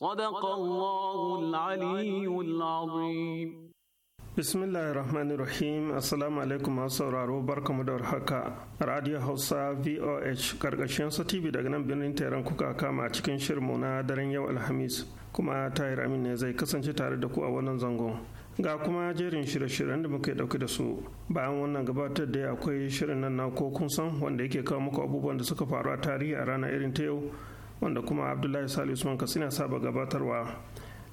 صدق الله العلي العظيم bismillahir rahim assalamu alaikum masu sauraro barkamu da haka radio hausa voh karkashin sa tv daga nan birnin tehran kuka kama a cikin mu na daren yau alhamis kuma tahir amin ne zai kasance tare da ku a wannan zangon ga kuma jerin shirye-shiryen da muke dauke da su bayan wannan gabatar da akwai shirin nan na ko kun san wanda yake kawo muku abubuwan da suka faru a tarihi a ranar irin ta yau wanda kuma abdullahi sali usman katsina saba gabatarwa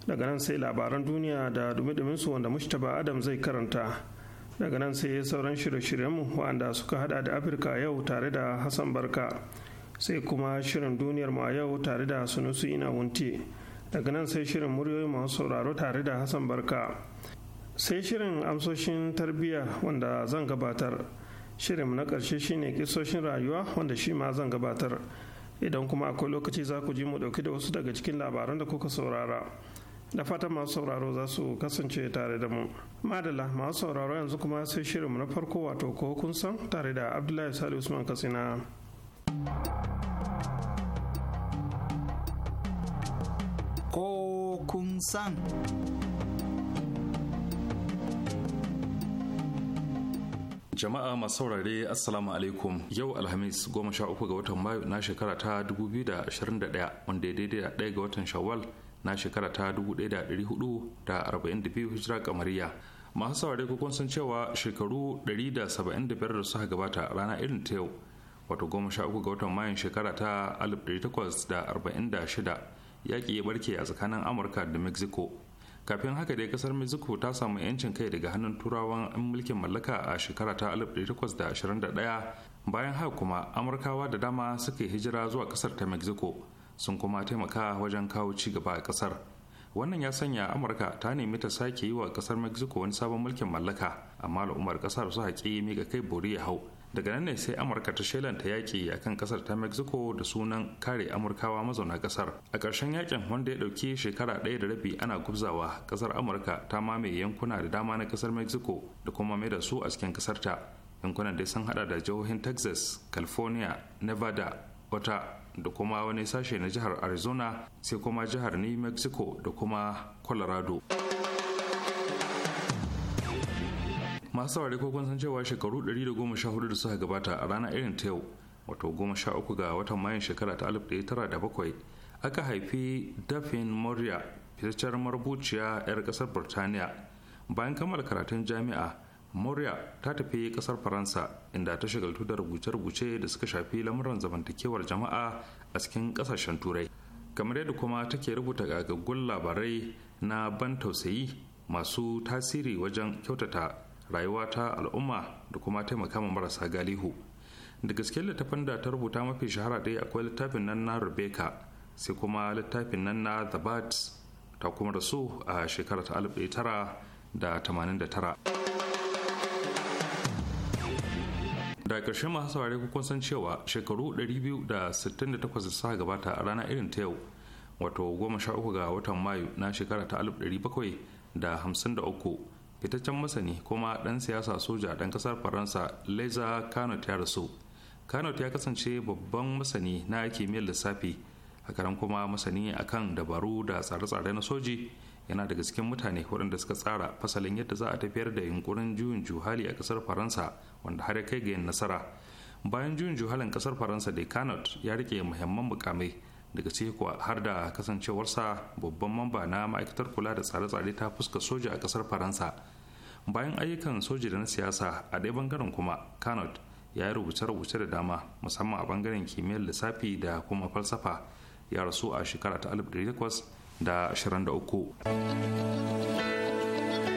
daga nan sai labaran duniya da dumi duminsu wanda mustapha adam zai karanta daga nan sai sauran shirye-shiryenmu wanda suka hada da afirka yau tare da hassan barka sai kuma shirin duniyar mu a yau tare da sunusu ina wunti daga nan sai shirin muryoyi masu sauraro tare da hassan barka sai shirin amsoshin tarbiyya wanda zan gabatar shirin na ƙarshe shine kisoshin rayuwa wanda shi ma zan gabatar idan kuma akwai lokaci za ku ji mu dauki da wasu daga cikin labaran da kuka saurara da fatan masu sauraro za su kasance tare da mu madala masu sauraro yanzu kuma sai shirin na farko wato ko kun san tare da abdullahi sali usman katsina ko kun san Jama'a masu saurare Assalamu alaikum yau Alhamis goma sha uku ga watan Mayu na shekara ta 2021 wanda ya daidai da ɗaya ga watan Shawwal na shekara ta 1442 hijira kamariya. Masu saurare kukun san cewa shekaru 175 da suka gabata rana irin ta yau wato goma sha uku ga watan Mayu shekara ta 1846 yaƙi ya barke a tsakanin Amurka da Mexico kafin haka dai kasar mexico ta samu 'yancin kai daga hannun turawan 'yan mulkin mallaka a shekara ta 1821 bayan haka kuma amurkawa da dama suka hijira zuwa kasar ta mexico sun kuma taimaka wajen kawo ci gaba a kasar wannan ya sanya amurka ta nemi ta sake yi wa kasar mexico wani sabon mulkin mallaka amma al'ummar kasar su haƙi mika kai bori ya hau daga nan ne sai amurka ta shelanta yaƙi a kan ƙasar ta mexico da sunan kare amurkawa mazauna ƙasar a ƙarshen yakin wanda ya ɗauki shekara ɗaya da rabi ana gubzawa ƙasar amurka ta mamaye yankuna da dama na ƙasar mexico da kuma mai da su a cikin ƙasar yankunan dai sun hada da jihohin texas california nevada wata da kuma wani sashe na jihar arizona sai kuma jihar new mexico da kuma colorado masu saurari ko kun san cewa shekaru 114 da suka gabata a ranar irin ta yau wato 13 ga watan mayan shekara ta 1907 aka haifi dafin moria fitaccen marubuciya 'yar kasar birtaniya bayan kammala karatun jami'a moria ta tafi kasar faransa inda ta shagaltu da rubuce-rubuce da suka shafi lamuran zamantakewar jama'a a cikin kasashen turai kamar yadda kuma take rubuta gagaggun labarai na ban tausayi masu tasiri wajen kyautata rayuwa ta al'umma da kuma taimaka ma marasa galihu da gaske littafin da ta rubuta mafi shahara dai akwai littafin nan na rebecca sai kuma littafin nan na the birds ta kuma rasu a shekara ta tara da tamanin da tara. karshen masu saurari kun san cewa shekaru 268 da suka gabata a rana irin ta yau wato 13 ga watan mayu na shekara ta 1753 fitaccen masani kuma ɗan siyasa soja ɗan ƙasar faransa leza kanot ya rasu kanot ya kasance babban masani na kimiyyar lissafi a karan kuma masani a kan dabaru da tsare-tsare na soji yana daga cikin mutane waɗanda suka tsara fasalin yadda za a tafiyar da yunkurin juyin juhali a ƙasar faransa wanda har ya kai ga yin nasara bayan juyin juhalin ƙasar faransa da kanot ya rike muhimman mukamai daga ciki kuwa har da kasancewarsa babban mamba na ma'aikatar kula da tsare-tsare ta fuska soja a kasar faransa bayan ayyukan soja da na siyasa a ɗaya bangaren kuma kanot ya yi rubuce-rubuce da dama musamman a bangaren kimiyyar lissafi da kuma falsafa ya rasu a shekara ta 1823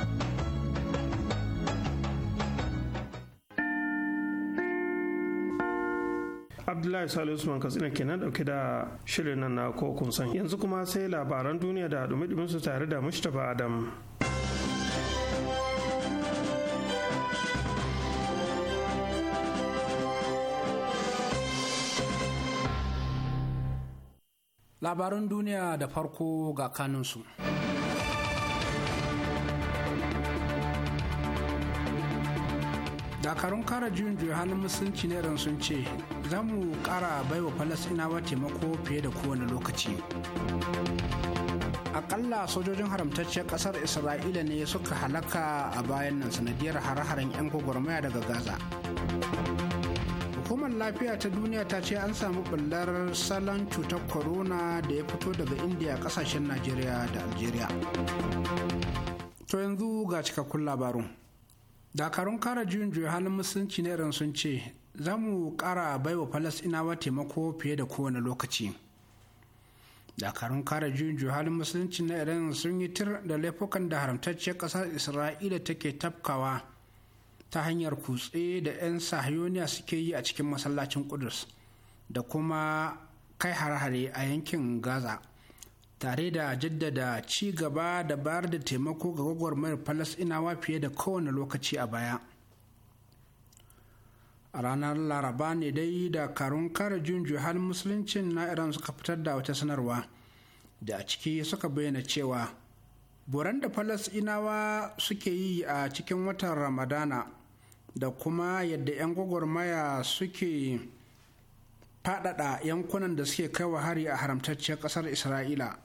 abdullahi salisu usman katsina kenan dauke da shirin nan na kokun san yanzu kuma sai labaran duniya da dumi su tare da mustapha adam labaran duniya da farko ga kanunsu. dakarun kara juyin juya halin musulunci na iran sun ce za mu kara baiwa falasinawa taimako fiye da kowane lokaci akalla sojojin haramtacciyar kasar isra'ila ne suka halaka a bayan nan sanadiyar hare-haren 'yan gwagwarmaya daga gaza hukumar lafiya ta duniya ta ce an samu bullar salon cutar corona da ya fito daga indiya kasashen najeriya da algeria to yanzu ga cikakkun labarun dakarun kara juyin juya halin musulunci na iran sun ce za mu kara baiwa falasinawa taimako fiye da kowane lokaci dakarun kare juyin juya halin musulunci na iran sun yi tir da laifukan da haramtacciyar kasar isra'ila take tafkawa ta hanyar kutse da 'yan sahayoniya suke yi a cikin masallacin kudus da kuma kai hare-hare a yankin gaza tare da jaddada ci gaba da bayar da taimako ga gwagwarmayar falasinawa fiye da kowane lokaci a baya a ranar laraba ne dai karun kare junju hal musuluncin na iran suka fitar da wata sanarwa da a ciki suka bayyana cewa buran da falasinawa suke yi a cikin watan ramadana da kuma yadda 'yan gwagwarmaya suke faɗaɗa yankunan da suke kaiwa hari a haramtacciyar ƙasar isra'ila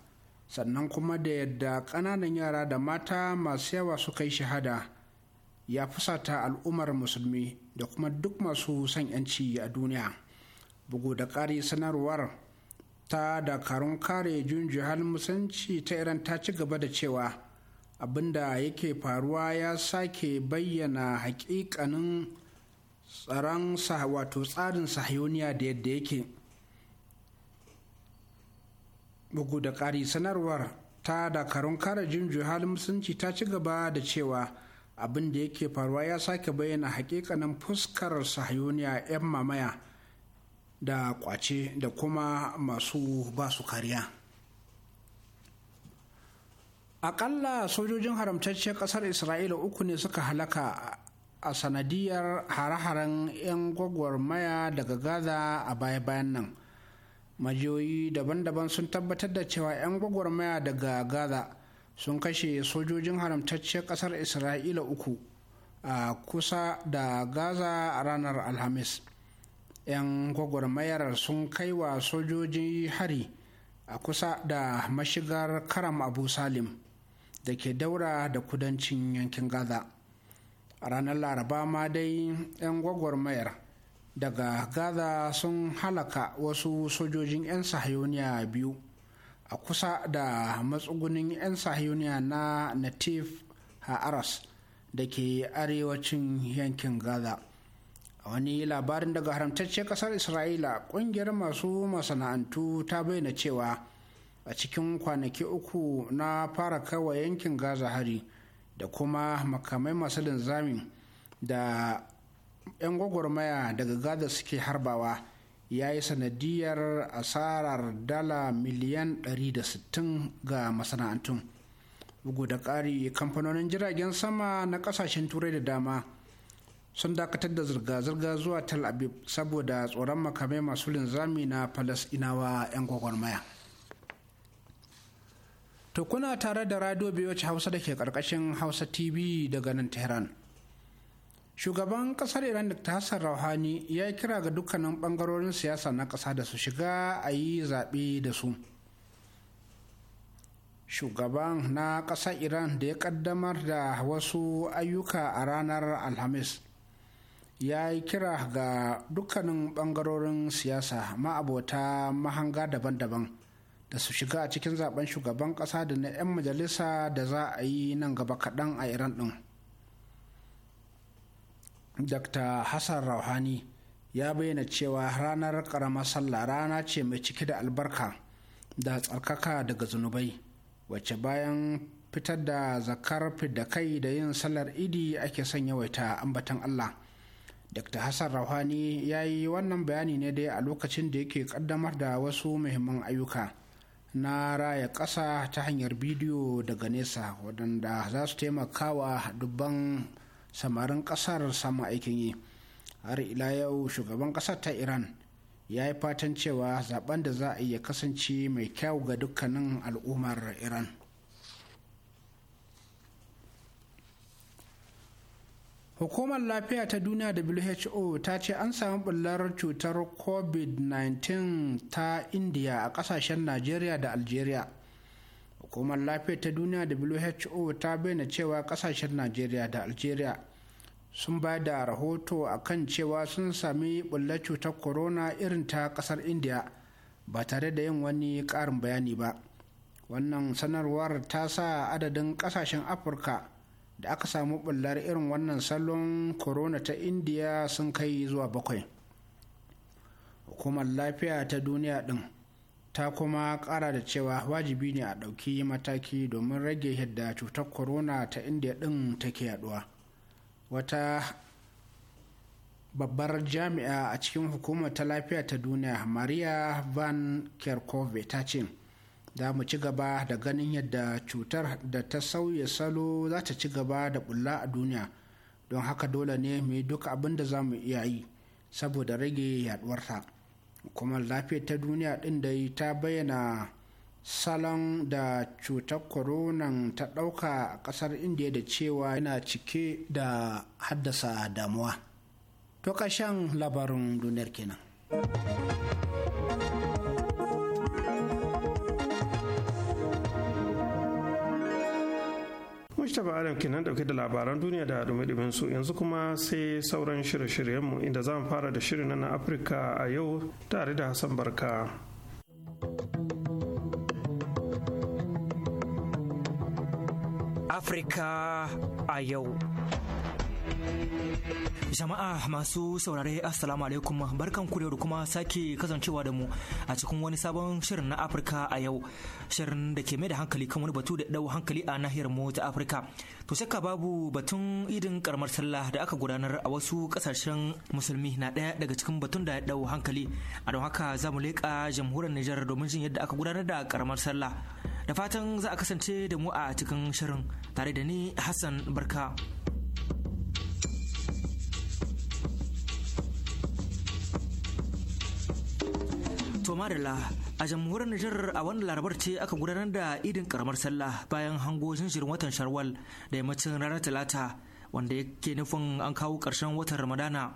sannan kuma da yadda ƙananan yara da mata masu yawa suka yi shahada ya fusata al'ummar musulmi da kuma duk masu son 'yanci a duniya bugu da ƙari sanarwar ta dakarun kare jun jihar musanci ta iran ta ci gaba da cewa abinda yake faruwa ya sake bayyana hakikanin tsaron wato tsarin sahiyoniya da yadda yake bugu da ƙari sanarwar ta dakarun kare jinjo halin musulunci ta ci gaba da cewa abin da yake faruwa ya sake bayyana hakikanin fuskar sahayoniya 'yan mamaya da kwace da kuma masu basu kariya akalla sojojin haramtacciyar kasar isra'ila uku ne suka halaka a sanadiyar hare-haren 'yan gwagwarmaya daga gaza a baya-bayan nan majiyoyi daban-daban sun tabbatar da cewa 'yan gwagwarmaya daga gaza sun kashe sojojin haramtacciyar kasar isra'ila uku a kusa da gaza a ranar alhamis 'yan gwagwarmayar sun kai wa sojoji hari a kusa da mashigar karam abu salim da ke daura da kudancin yankin gaza a ranar laraba ma dai 'yan gwagwarmayar daga gaza sun halaka wasu sojojin 'yan sahiyoniya biyu a kusa da matsugunin 'yan sahiyoniya na natif ha'aras da ke arewacin yankin gaza a wani labarin daga haramtacce kasar isra'ila kungiyar masu masana'antu ta bayyana cewa a cikin kwanaki uku na fara kawai yankin gaza hari da kuma makamai masu linzamin da 'yan gwagwarmaya daga gaza suke harbawa ya yi sanadiyar asarar dala miliyan 160 ga masana'antun bugu da ƙari kamfanonin jiragen sama na ƙasashen turai da dama sun dakatar da zirga-zirga zuwa tel aviv saboda tsoron makamai masu linzami na falasinawa 'yan gwagwarmaya to kuna tare da radio biyu hausa da ke ƙarƙashin hausa tv daga nan tehran shugaban kasar iran da hassan rauhani ya yi kira ga dukkanin bangarorin siyasa na kasa da su shiga a yi zaɓe da su shugaban na ƙasar iran da ya ƙaddamar da wasu ayyuka a ranar alhamis ya yi kira ga dukkanin bangarorin siyasa ma'abota mahanga daban-daban da su shiga a cikin zaben shugaban ƙasa da na 'yan majalisa da za a yi nan gaba kaɗan a iran ɗin. dr hassan rauhani ya bayyana cewa ranar ƙaramar sallah rana ce mai ciki da albarka da tsarkaka daga zunubai wacce bayan fitar da zakar da kai da yin sallar idi ake son yawaita ambatan allah dr hassan rauhani ya yi wannan bayani ne dai a lokacin da yake kaddamar da wasu muhimman ayyuka na raya ƙasa ta hanyar bidiyo daga nesa waɗanda za su taimaka wa dubban samarin kasar sama aikin yi har ila yau shugaban kasar ta iran ya yi fatan cewa zaben da za a iya kasance mai kyau ga dukkanin al'ummar iran hukumar lafiya ta duniya who ta ce an samu bullar cutar covid-19 ta Indiya a kasashen najeriya da algeria hukumar lafiya ta duniya da who ta bayyana cewa kasashen najeriya da algeria sun ba da rahoto a kan cewa sun sami bulla cutar corona irin ta kasar india ba tare da yin wani karin bayani ba wannan sanarwar ta sa adadin kasashen afirka da aka samu bullar irin wannan salon corona ta india sun kai zuwa bakwai hukumar lafiya ta duniya din ta kuma ƙara da cewa wajibi ne a ɗauki mataki domin rage yadda cutar corona ta india ɗin take yaduwa wata babbar jami'a a cikin hukumar ta lafiya ta duniya maria van kerkove ta ce za mu ci gaba da ganin yadda cutar da ta sauya salo za ta ci gaba da bulla a duniya don haka dole ne mu yi duk abin da za mu iya yi saboda rage yaduwarta. hukumar lafiya ta duniya din da ta bayyana salon da cutar koronan ta ɗauka a ƙasar indiya da cewa yana cike da haddasa damuwa to ƙashen labarin duniyar kenan Mustapha Adam kenan dauke da labaran duniya da dumi su yanzu kuma sai sauran shirye-shiryenmu inda za mu fara da shirin na Afirka a yau tare da Hassan Barka. Afirka a yau. Jama'a masu saurare Assalamu alaikum barkan ku da kuma sake kasancewa da mu a cikin wani sabon shirin na Afirka a yau shirin da ke mai da hankali kan wani batu da dau hankali a nahiyar mu ta Afirka to shakka babu batun idin karamar sallah da aka gudanar a wasu kasashen musulmi na daya daga cikin batun da dau hankali a don haka za mu leƙa jamhuriyar Nijar domin jin yadda aka gudanar da karamar sallah da fatan za a kasance da mu a cikin shirin tare da ni Hassan Barka. Marila a jamhuriyar Nijar a wani larabar ce aka gudanar da idin karamar sallah bayan hango shirin watan Sharwal da yammacin ranar Talata wanda yake nufin an kawo karshen watan Ramadana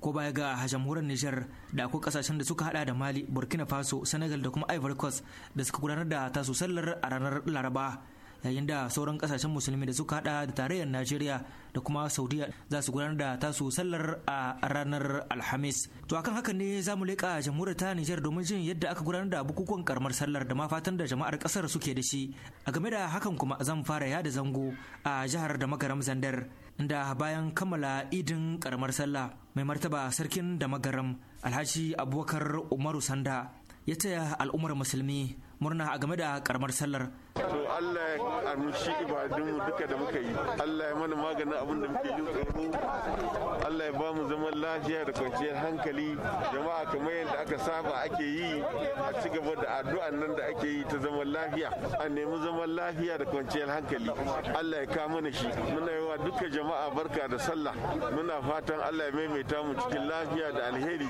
ko baya ga jamhuriyar Nijar da akwai kasashen da suka hada da Mali, Burkina Faso, Senegal da kuma Ivory Coast da suka gudanar da tasu sallar a ranar Laraba. yayin da sauran kasashen musulmi da suka hada da tarayyar najeriya da kuma saudiya za su gudanar da tasu sallar a ranar alhamis to akan haka ne za mu leƙa jamhuriyar ta nijar domin jin yadda aka gudanar da bukukuwan karamar sallar da ma da jama'ar kasar suke da shi a game da hakan kuma zan fara yada zango a jihar da magaram zandar inda bayan kammala idin karamar sallah mai martaba sarkin da magaram alhaji abubakar umaru sanda ya taya al'ummar musulmi murna a game da karamar sallar to Allah ya amshi ibadunmu duka da muka yi Allah ya mana maganin abin da muke yi tsoro Allah ya ba mu zaman lafiya da kwanciyar hankali jama'a kamar yadda aka saba ake yi a ci gaba da addu'a nan da ake yi ta zaman lafiya a nemi zaman lafiya da kwanciyar hankali Allah ya ka mana shi muna yi wa duka jama'a barka da sallah muna fatan Allah ya maimaita mu cikin lafiya da alheri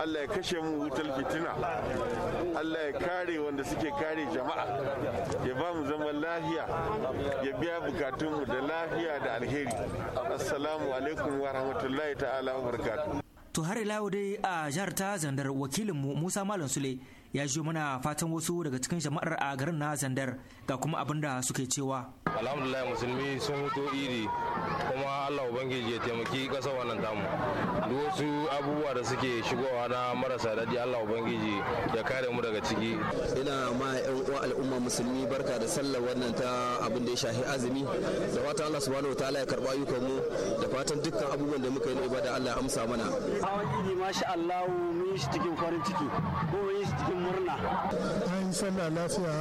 Allah ya kashe mu wutar fitina Allah ya kare wanda suke kare jama'a ya ba mu zaman lafiya ya biya bukatunmu da lafiya da alheri assalamu alaikum wa rahmatullahi ta'ala wa barakatu to har ila dai a jihar ta zandar wakilin Musa Malam Sule ya ji mana fatan wasu daga cikin jama'ar a garin na zandar ga kuma abin da suke cewa alhamdulillah musulmi sun huto iri kuma allah ubangiji ya taimaki ƙasar wannan tamu duk wasu abubuwa da suke shigowa na marasa daɗi allah ubangiji ya kare mu daga ciki ina ma yan uwa al'umma musulmi barka da sallar wannan ta abin da ya shafi azumi da fatan allah subhanahu wa ta'ala ya karɓa ayyukan mu da fatan dukkan abubuwan da muka yi na ibada allah ya amsa mana hawan idi masha allah mun yi shi cikin farin ciki ko mun yi shi cikin murna an sallah lafiya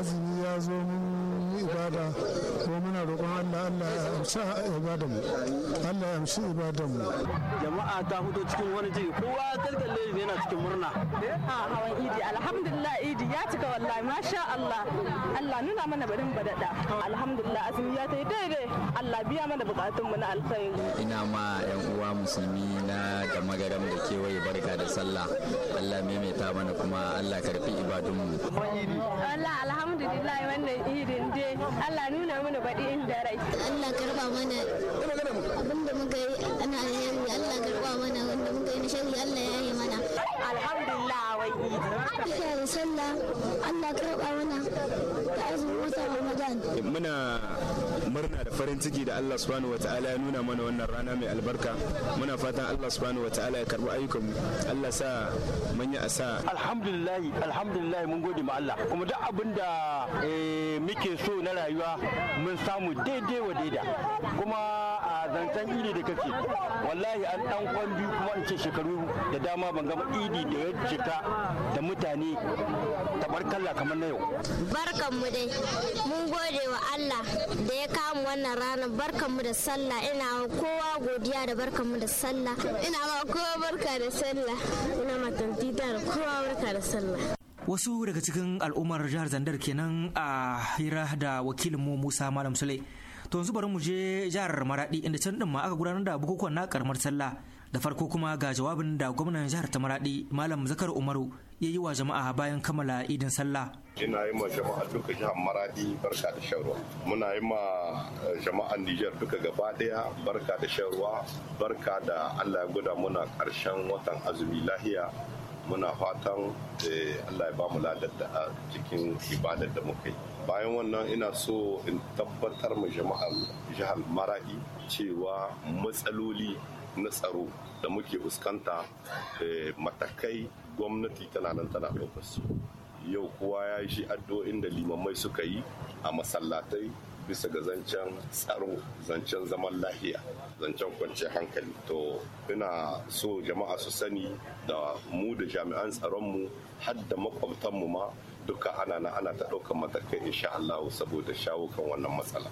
azumi ya zo ibada Allah Allah ya amsa ibadan Allah ya amsa ibadan jama'a ta fito cikin wani jiki kowa kalkalle yana cikin murna a hawan idi alhamdulillah idi ya cika wallahi masha Allah Allah nuna mana barin badada alhamdulillah azumi ya tai daidai Allah biya mana bukatun mu na alkhairi ina ma yan uwa musulmi na da magaram da kewaye barka da sallah Allah maimaita mana kuma Allah karfi ibadun mu Allah alhamdulillah wannan idin dai Allah nuna mana baɗi inda rai Allah karba mana abinda muka yi ana alheri Allah karba mana wanda muka yi na shari Allah ya yi mana alhamdulillah wai Aisha da sallah Allah karba mana ta azumi wata Ramadan eh, muna murna da farin ciki da Allah subhanahu wataala ya nuna mana wannan rana mai albarka muna fatan Allah subhanahu wataala ya karbi ayyukan mu Allah sa manya a sa alhamdulillah alhamdulillah mun gode ma Allah kuma duk abin da eh, muke so na rayuwa mun samu daidai wa daida kuma zancen idi da kake wallahi an dan kwambi kuma in ce shekaru da dama ban gama idi da ya jika da mutane tabarkalla kamar na yau barkan mu dai mun gode wa Allah da ya kamu wannan rana barkan mu da sallah ina kowa godiya da barkan mu da sallah ina wa kowa barka da sallah ina matantita da kowa barka da sallah wasu daga cikin al'ummar jihar zandar kenan a hira da wakilinmu musa malam sule to yanzu bari mu je jihar maradi inda can din ma aka gudanar da bukukuwan na karamar sallah da farko kuma ga jawabin da gwamnan jihar ta maradi malam zakar umaru ya yi wa jama'a bayan kammala idin sallah ina yi ma jama'a duka jihar maradi barka da shan muna yi ma eh, jama'an nijar duka gaba daya barka da shan barka da allah ya guda muna karshen watan azumi lahiya muna fatan eh, allah ya ba mu ladar da a cikin ibadar da muka yi bayan wannan ina so in tabbatar mu jama'ar jihar mara'i cewa matsaloli na tsaro da muke fuskanta eh, matakai gwamnati tana nan tana ɗaukar su yau kowa ya shi addu'o'in da limamai suka yi a masallatai bisa ga zancen tsaro zancen zaman lahiya zancen kwanciyar hankali to ina so jama'a su sani da mu da jami'an tsaronmu har da makwabtanmu ma duka ana na ana ta ɗaukar matakai insha Allah saboda shawo kan wannan matsala.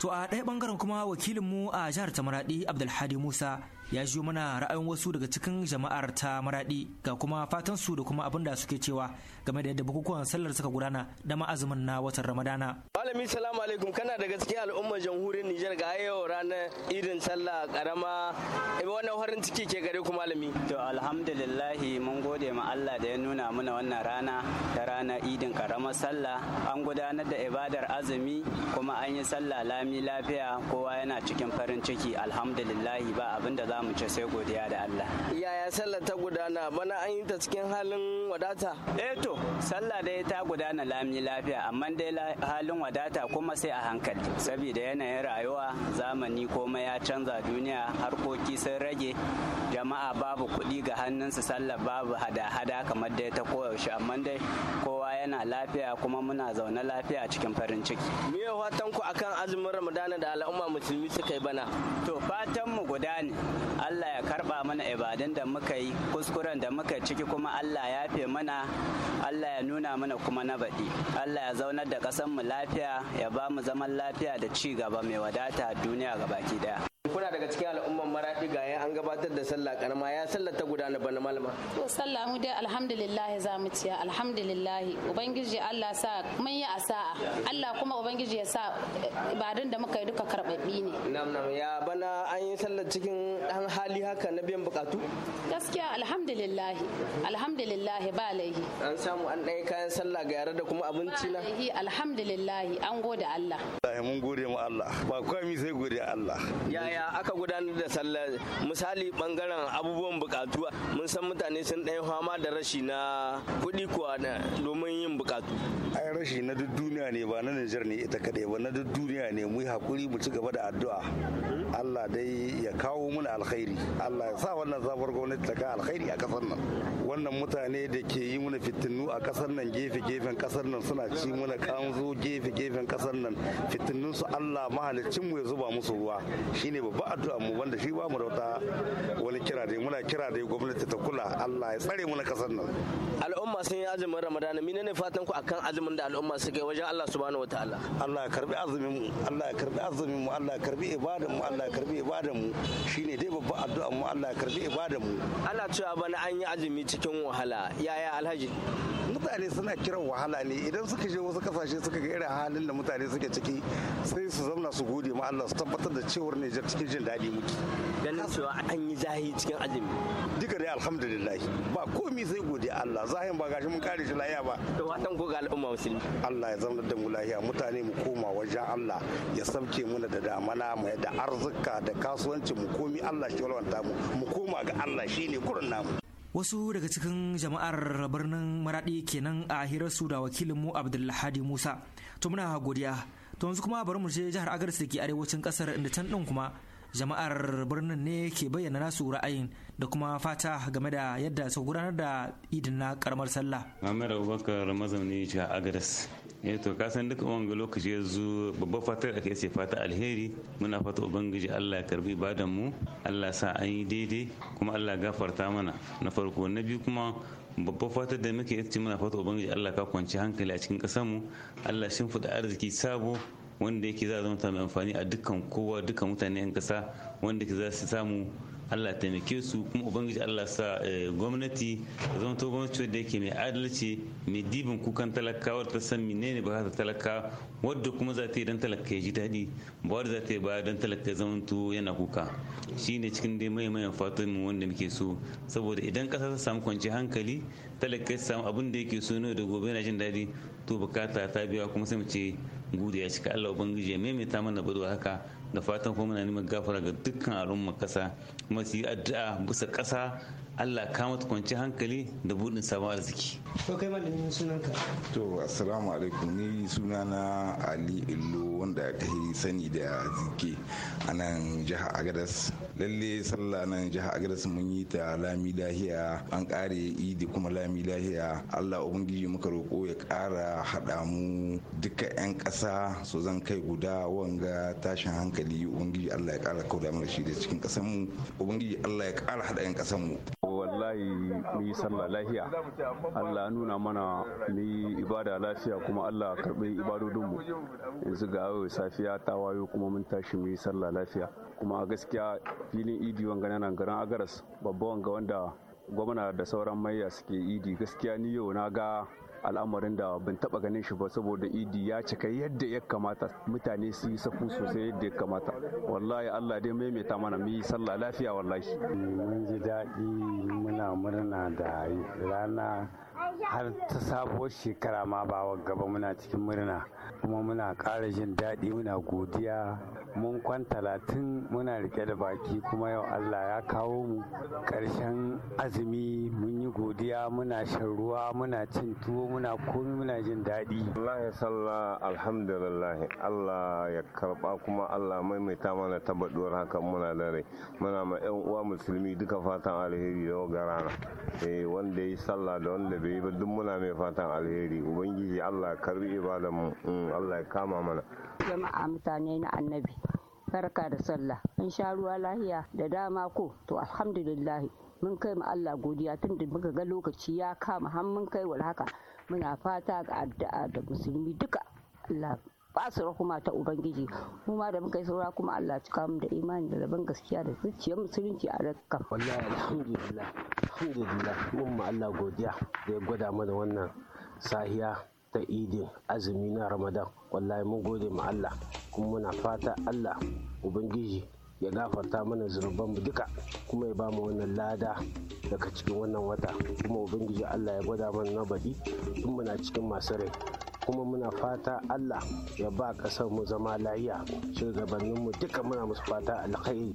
To a ɗaya ɓangaren kuma wakilinmu a jihar Tamaradi Abdulhadi Musa ya jiyo mana ra'ayin wasu daga cikin jama'ar ta maradi ga kuma fatan su da kuma abin da suke cewa game da yadda bukukuwan sallar suka gudana da ma'azumin na watan ramadana malami salamu alaikum kana daga cikin al'ummar jamhuriyar nijar ga yau ranar irin sallah karama wannan farin ciki ke gare ku malami to alhamdulillah mun gode ma Allah da ya nuna mana wannan rana ta rana idin karamar sallah an gudanar da ibadar azumi kuma an yi sallah lami lafiya kowa yana cikin farin ciki alhamdulillahi ba abin da za mu ce sai godiya da Allah. Yaya sallar ta gudana bana an yi ta cikin halin wadata? Eh to, sallah dai ta gudana lami lafiya amma dai halin wadata kuma sai a hankali. Saboda yanayin rayuwa zamani komai ya canza duniya harkoki sun rage jama'a babu kuɗi ga hannunsu sallah babu hada-hada kamar dai ta koyaushe amma dai kowa yana lafiya kuma muna zaune lafiya cikin farin ciki. Me fatan ku akan azumin Ramadana da al'umma musulmi suka yi bana? To fatan mu guda ne Allah ya karba mana ibadan da muka yi kuskuren da muka ciki kuma Allah ya fe mana Allah ya nuna mana kuma na baɗi Allah ya zaunar da ƙasanmu lafiya ya ba mu zaman lafiya da ci gaba mai wadata duniya baki daya kuna daga cikin al'umman maraɗi ga an gabatar da sallah karama ya sallar ta gudana bana malama to sallah mu dai alhamdulillah za mu ciya alhamdulillah ubangiji Allah sa mun yi asa'a Allah kuma ubangiji ya sa ibadun da muka yi duka karbabbi ne na'am na'am ya bana an yi sallar cikin dan hali haka na biyan bukatu gaskiya alhamdulillah alhamdulillah ba laihi an samu an ɗaya kayan sallah ga yare da kuma abinci na alhamdulillah an gode Allah mun gode mu Allah ba komai sai gode Allah yaya aka gudanar da sallar misali bangaren abubuwan bukatu mun san mutane sun ɗaya fama da rashi na kuɗi kuwa na domin yin bukatu ai rashi na duk duniya ne ba na Nijar ne ita kaɗai ba na duk duniya ne mu yi hakuri mu ci gaba da addu'a Allah dai ya kawo mana alkhairi Allah ya sa wannan sabuwar gwamnati ta ka alkhairi a kasar nan wannan mutane da ke yi mana fitinu a kasar nan gefe gefen kasar nan suna ci mana kanzo gefe gefen kasar nan fitinun su Allah mahalicin mu ya zuba musu ruwa shine ba addu'a mu wanda shi ba mu da wata wani kira dai muna kira dai gwamnati ta kula Allah ya tsare mu na kasar nan al'umma sun yi azumin ramadana mine ne fatan ku akan azumin da al'umma suke wajen Allah subhanahu wataala Allah ya karbi azumin mu Allah ya karbi azumin mu Allah ya karbi ibadan mu Allah ya karbi ibadan mu shine dai babban addu'a mu Allah ya karbi ibadan mu ana cewa bana an yi azumi cikin wahala yaya alhaji mutane suna kiran wahala ne idan suka je wasu kasashe suka ga irin halin da mutane suke ciki sai su zauna su gode ma Allah su tabbatar da cewar Nijar cikin jin daɗi muke ganin cewa an yi zahi cikin azumi duka dai alhamdulillah ba komi sai gode Allah zahin ba gashi mun kare shi lahiya ba da watan ko ga al'umma musulmi Allah ya zama da mu lahiya mutane mu koma wajen Allah ya sauke muna da damana mu da arzika da kasuwanci mu komi Allah shi walwanta mu mu koma ga Allah shine gurin namu wasu daga cikin jama'ar birnin maradi kenan a hirarsu da wakilinmu abdullahi musa to muna godiya to yanzu kuma bari mu je jihar agadez da ke arewacin kasar inda can din kuma jama'ar birnin ne ke bayyana nasu ra'ayin da kuma fata game da yadda su gudanar da idin na karamar sallah. Muhammad Abubakar mazauni jihar Agadas. Eh to ka san duka wanga lokaci ya zo babbar fatar ake ce fata alheri muna fata ubangiji Allah ya karbi ibadan mu Allah sa an yi daidai kuma Allah gafarta mana na farko na biyu kuma babbar fatar da muke yi muna fata ubangiji Allah ka kwanci hankali a cikin ƙasar mu Allah shin fuda arziki sabo wanda yake za a zama mai amfani a dukkan kowa dukkan mutane 'yan ƙasa wanda ke za su samu Allah taimake su kuma ubangiji Allah sa eh, gwamnati ta zama to gwamnati wadda yake mai adalci mai dibin kukan talakawa ta san ne ba ta talaka wadda kuma za ta yi don talaka ya ji daɗi ba wadda za ta yi ba don talaka ya zama to yana kuka Shi ne cikin dai mayan fatan mu wanda muke so saboda idan ƙasa ta samu kwanci hankali talaka ya samu abin da yake so ne da gobe yana jin daɗi to bukata ta biya kuma sai mu ce gudu ya cika Allah ubangiji ya maimaita mana budurwa haka da fatan kuma muna neman gafara ga dukkan al'umma kasa kuma su yi addu'a bisa ƙasa, Allah ka mata kwanci hankali da buɗin sabon arziki. To kai malamin sunanka. To assalamu alaikum ni sunana Ali Illo wanda ta yi sani da zike a nan jihar Agadas lalle sallah nan jiha agadas mun yi ta lami lahiya an kare idi kuma lami lahiya allah ubangiji muka roko ya kara haɗa mu duka 'yan ƙasa su zan kai guda wanga tashin hankali ubangiji allah ya kara kau da shi da cikin ƙasar mu ubangiji allah ya kara haɗa 'yan ƙasar mu wallahi mu yi sallah lahiya allah nuna mana mu ibada lafiya kuma allah karɓi mu yanzu ga yau safiya ta wayo kuma mun tashi mu yi sallah lafiya kuma a gaskiya filin idi wanga nan garin agaras babba wanga wanda gwamna da sauran mayya suke idi gaskiya ni yau na ga al'amarin da ban taba ganin shi ba saboda idi ya cika yadda ya kamata mutane su yi safu sosai yadda ya kamata wallahi allah dai maimaita mana mu yi sallah lafiya wallahi mun ji daɗi muna murna da rana har ta sabuwar shekara ma ba gaba muna cikin murna kuma muna ƙara jin daɗi muna godiya mun kwan talatin muna rike da baki kuma yau allah ya kawo mu ƙarshen azumi mun yi godiya muna shan ruwa muna cin tuwo muna komi muna jin daɗi allah ya salla alhamdulillah allah ya karɓa kuma allah maimaita mana tabbaduwar hakan muna da rai muna ma yan uwa musulmi duka fatan alheri da ga rana eh wanda ya yi sallah da wanda bai yi ba duk muna mai fatan alheri ubangiji allah karbi ibadan mu Allah ya kama mana jama'a mutane na annabi barka da sallah in sha ruwa lahiya da dama ko to alhamdulillah mun kai ma Allah godiya tunda muka ga lokaci ya kama har mun kai wal haka muna fata ga addu'a da musulmi duka Allah ba su rahuma ta ubangiji kuma da muka yi saura kuma Allah cika mu da imani da rabon gaskiya da zuciyar musulunci a rakka wallahi alhamdulillah alhamdulillah mun ma Allah godiya da ya gwada mana wannan sahiya ta idin azumi na ramadan wallahi mun gode ma allah kuma muna fata allah ubangiji ya gafarta mana mu duka kuma ya bamu wannan lada daga cikin wannan wata kuma ubangiji allah ya gwada mana na baɗi tun muna cikin masu rai kuma muna fata allah ya ba ƙasar mu zama lafiya shugabanninmu duka muna musu fata alkhairi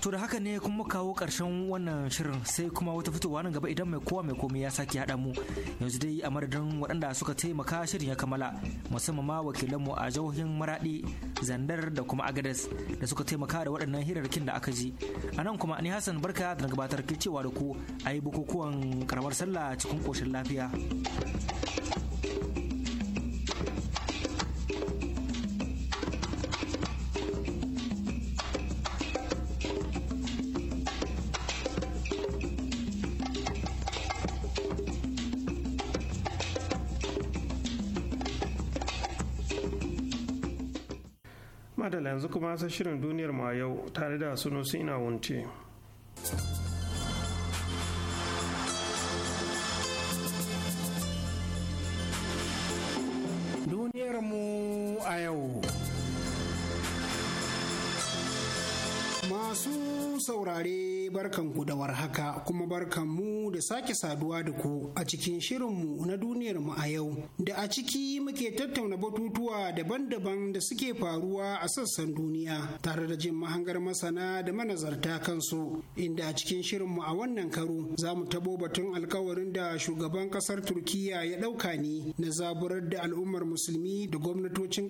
To da haka ne kuma kawo ƙarshen wannan shirin sai kuma wata fitowa nan gaba idan mai kowa mai komai ya sake haɗa mu yanzu dai a madadin waɗanda suka taimaka shirin ya kammala musamman ma wakilanmu a jihohin Maraɗi, Zandar da kuma Agadez da suka taimaka da waɗannan hirarkin da aka ji. A nan kuma ni Hassan Barka da gabatar ke cewa da ku a yi bukukuwan karamar sallah cikin koshin lafiya. yanzu kuma sai shirin duniyar ma yau tare da sunusi ina wunce. saurare barkan ku da warhaka kuma barkan mu da sake saduwa da ku a cikin shirinmu na duniyarmu a yau da a ciki muke tattauna batutuwa daban-daban da suke faruwa a sassan duniya tare da jin mahangar masana da manazarta kansu inda a cikin shirinmu a wannan karo za mu tabo batun alkawarin da shugaban kasar turkiya ya ɗauka ne na zaburar da al'ummar musulmi da gwamnatocin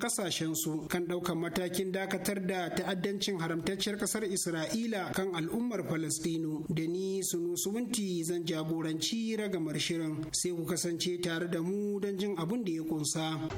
su. kan ɗaukan matakin dakatar da ta'addancin haramtacciyar kasar isra'ila kan al'ummar Falastinu da ni Sunu sumunti zan jagoranci ragamar shirin sai ku kasance tare da mu don jin abin da ya kunsa.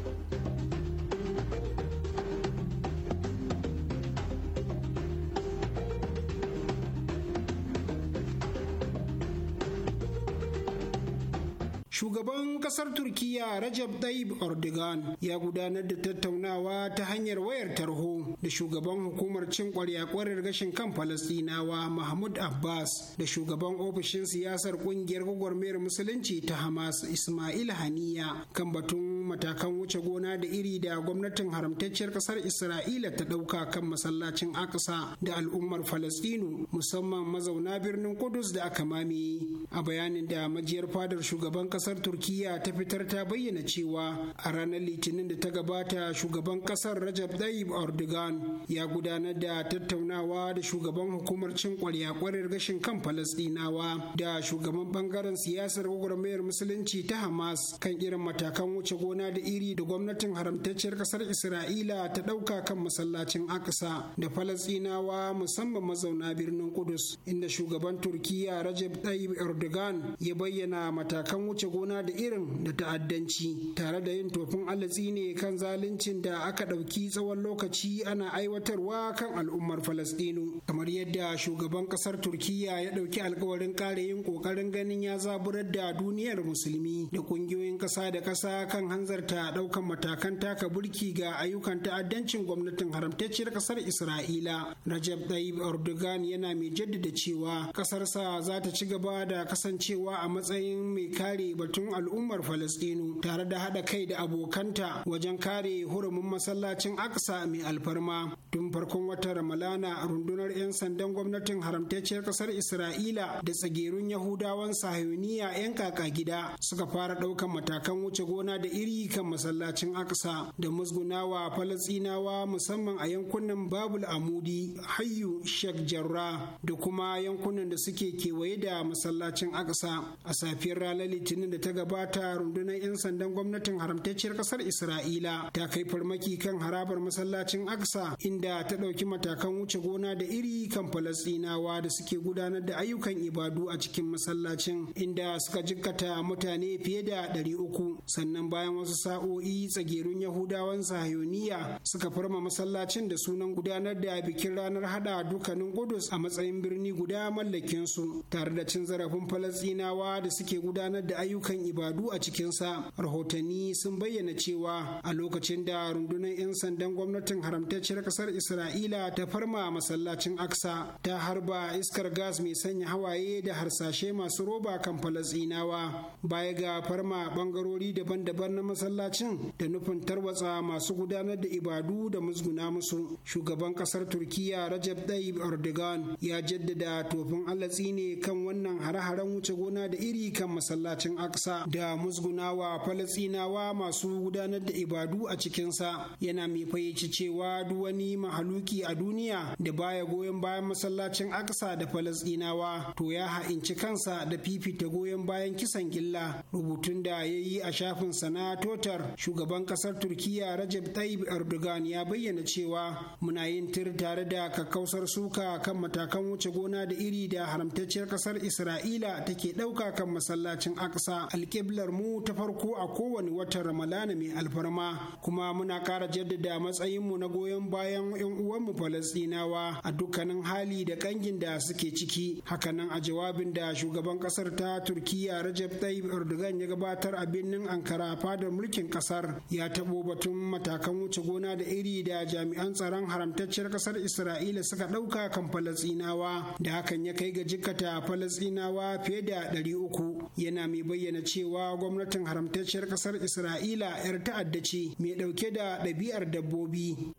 kasar turkiya rajab tayyip erdogan ya gudanar da tattaunawa ta hanyar wayar tarho da shugaban hukumar cin kwarya-kwarar gashin kan falastinawa mahmud abbas da shugaban ofishin siyasar kungiyar gwagwarmayar musulunci ta hamas ismail haniya kan batun matakan wuce gona da iri da gwamnatin haramtacciyar kasar isra'ila ta ɗauka kan masallacin aksa da al'ummar falastinu musamman mazauna birnin kudus da aka mame a bayanin da majiyar fadar shugaban kasar turkiya da ta fitar ta bayyana cewa a ranar litinin da ta gabata shugaban kasar Rajab Tayyip Erdogan ya gudanar da tattaunawa da shugaban hukumar cin kwarya kwarar gashin kan Falasɗinawa da shugaban bangaren siyasar gwagwarmayar musulunci ta Hamas kan irin matakan wuce gona da iri da gwamnatin haramtacciyar kasar Isra'ila ta ɗauka kan masallacin Aksa da Falasɗinawa musamman mazauna birnin Kudus inda shugaban Turkiyya Rajab Tayyip Erdogan ya bayyana matakan wuce gona da irin da ta'addanci tare da yin tofin alatsi ne kan zaluncin da aka ɗauki tsawon lokaci ana aiwatarwa kan al'ummar Falasɗinu. kamar yadda shugaban ƙasar turkiya ya ɗauki alkawarin ƙara yin ƙoƙarin ganin ya zaburar da duniyar musulmi da ƙungiyoyin ƙasa da ƙasa kan hanzarta ɗaukan matakan taka burki ga ayyukan ta'addancin gwamnatin haramtacciyar ƙasar isra'ila rajab tayyip erdogan yana mai jaddada cewa ƙasarsa za ta ci gaba da kasancewa a matsayin mai kare batun al'umma al'ummar Falastinu tare da haɗa kai da abokanta wajen kare hurumin masallacin Aksa mai alfarma. Tun farkon watan Ramalana rundunar 'yan sandan gwamnatin haramtacciyar ƙasar Isra'ila da tsagerun Yahudawan Sahiyoniya 'yan kaka gida suka fara ɗaukan matakan wuce gona da iri kan masallacin Aksa da musgunawa Falastinawa musamman a yankunan Babul Amudi, hayu Sheikh Jarra, da kuma yankunan da suke kewaye da masallacin Aksa. A safiyar ranar Litinin da ta gabata ta rundunar 'yan sandan gwamnatin haramtacciyar kasar isra'ila ta kai farmaki kan harabar masallacin aksa inda ta ɗauki matakan wuce gona da iri kan falasɗinawa da suke gudanar da ayyukan ibadu a cikin masallacin inda suka jikkata mutane fiye da ɗari uku sannan bayan wasu sa'o'i tsagerun yahudawan sahayoniya suka farma masallacin da sunan gudanar da bikin ranar hada dukkanin kudus a matsayin birni guda mallakinsu tare da cin zarafin falasɗinawa da suke gudanar da ayyukan ibadu a cikinsa rahotanni sun bayyana cewa a lokacin da rundunar 'yan sandan gwamnatin haramtacciyar kasar isra'ila ta farma masallacin aksa ta harba iskar gas mai sanya hawaye da harsashe masu roba kan falasinawa baya ga farma bangarori daban-daban na masallacin da nufin tarwatsa masu gudanar da ibadu da musguna musu shugaban kasar turkiya rajab tayyip erdogan ya jaddada tofin allatsi ne kan wannan hare-haren wuce gona da iri kan masallacin aksa da musgunawa falasinawa masu gudanar da ibadu a cikinsa yana mai fayyace cewa duk wani mahaluki a duniya da baya goyon bayan masallacin aksa da falasinawa to ya ha'inci kansa da fifita goyon bayan kisan gilla rubutun da ya yi a shafin sana totar shugaban kasar turkiya rajab tayyip erdogan ya bayyana cewa muna yin tir tare da kakkausar suka kan matakan wuce gona da iri da haramtacciyar kasar isra'ila take ɗauka kan masallacin aksa alkiblar mu ta farko a kowane watan Ramalana mai alfarma kuma muna ƙara jaddada matsayinmu na goyon bayan 'yan uwanmu Falasɗinawa a dukkanin hali da kangin da suke ciki. Hakanan a jawabin da shugaban ƙasar ta Turkiyya rajab Tayyip Erdogan ya gabatar a birnin Ankara fadar mulkin ƙasar ya taɓo batun matakan wuce gona da iri da jami'an tsaron haramtacciyar ƙasar Isra'ila suka ɗauka kan Falasɗinawa da hakan ya kai ga jikkata Falasɗinawa fiye da ɗari uku yana mai bayyana cewa gwamnatin haramtacciyar kasar isra'ila 'yar ta'adda ce mai dauke da ɗabi'ar dabbobi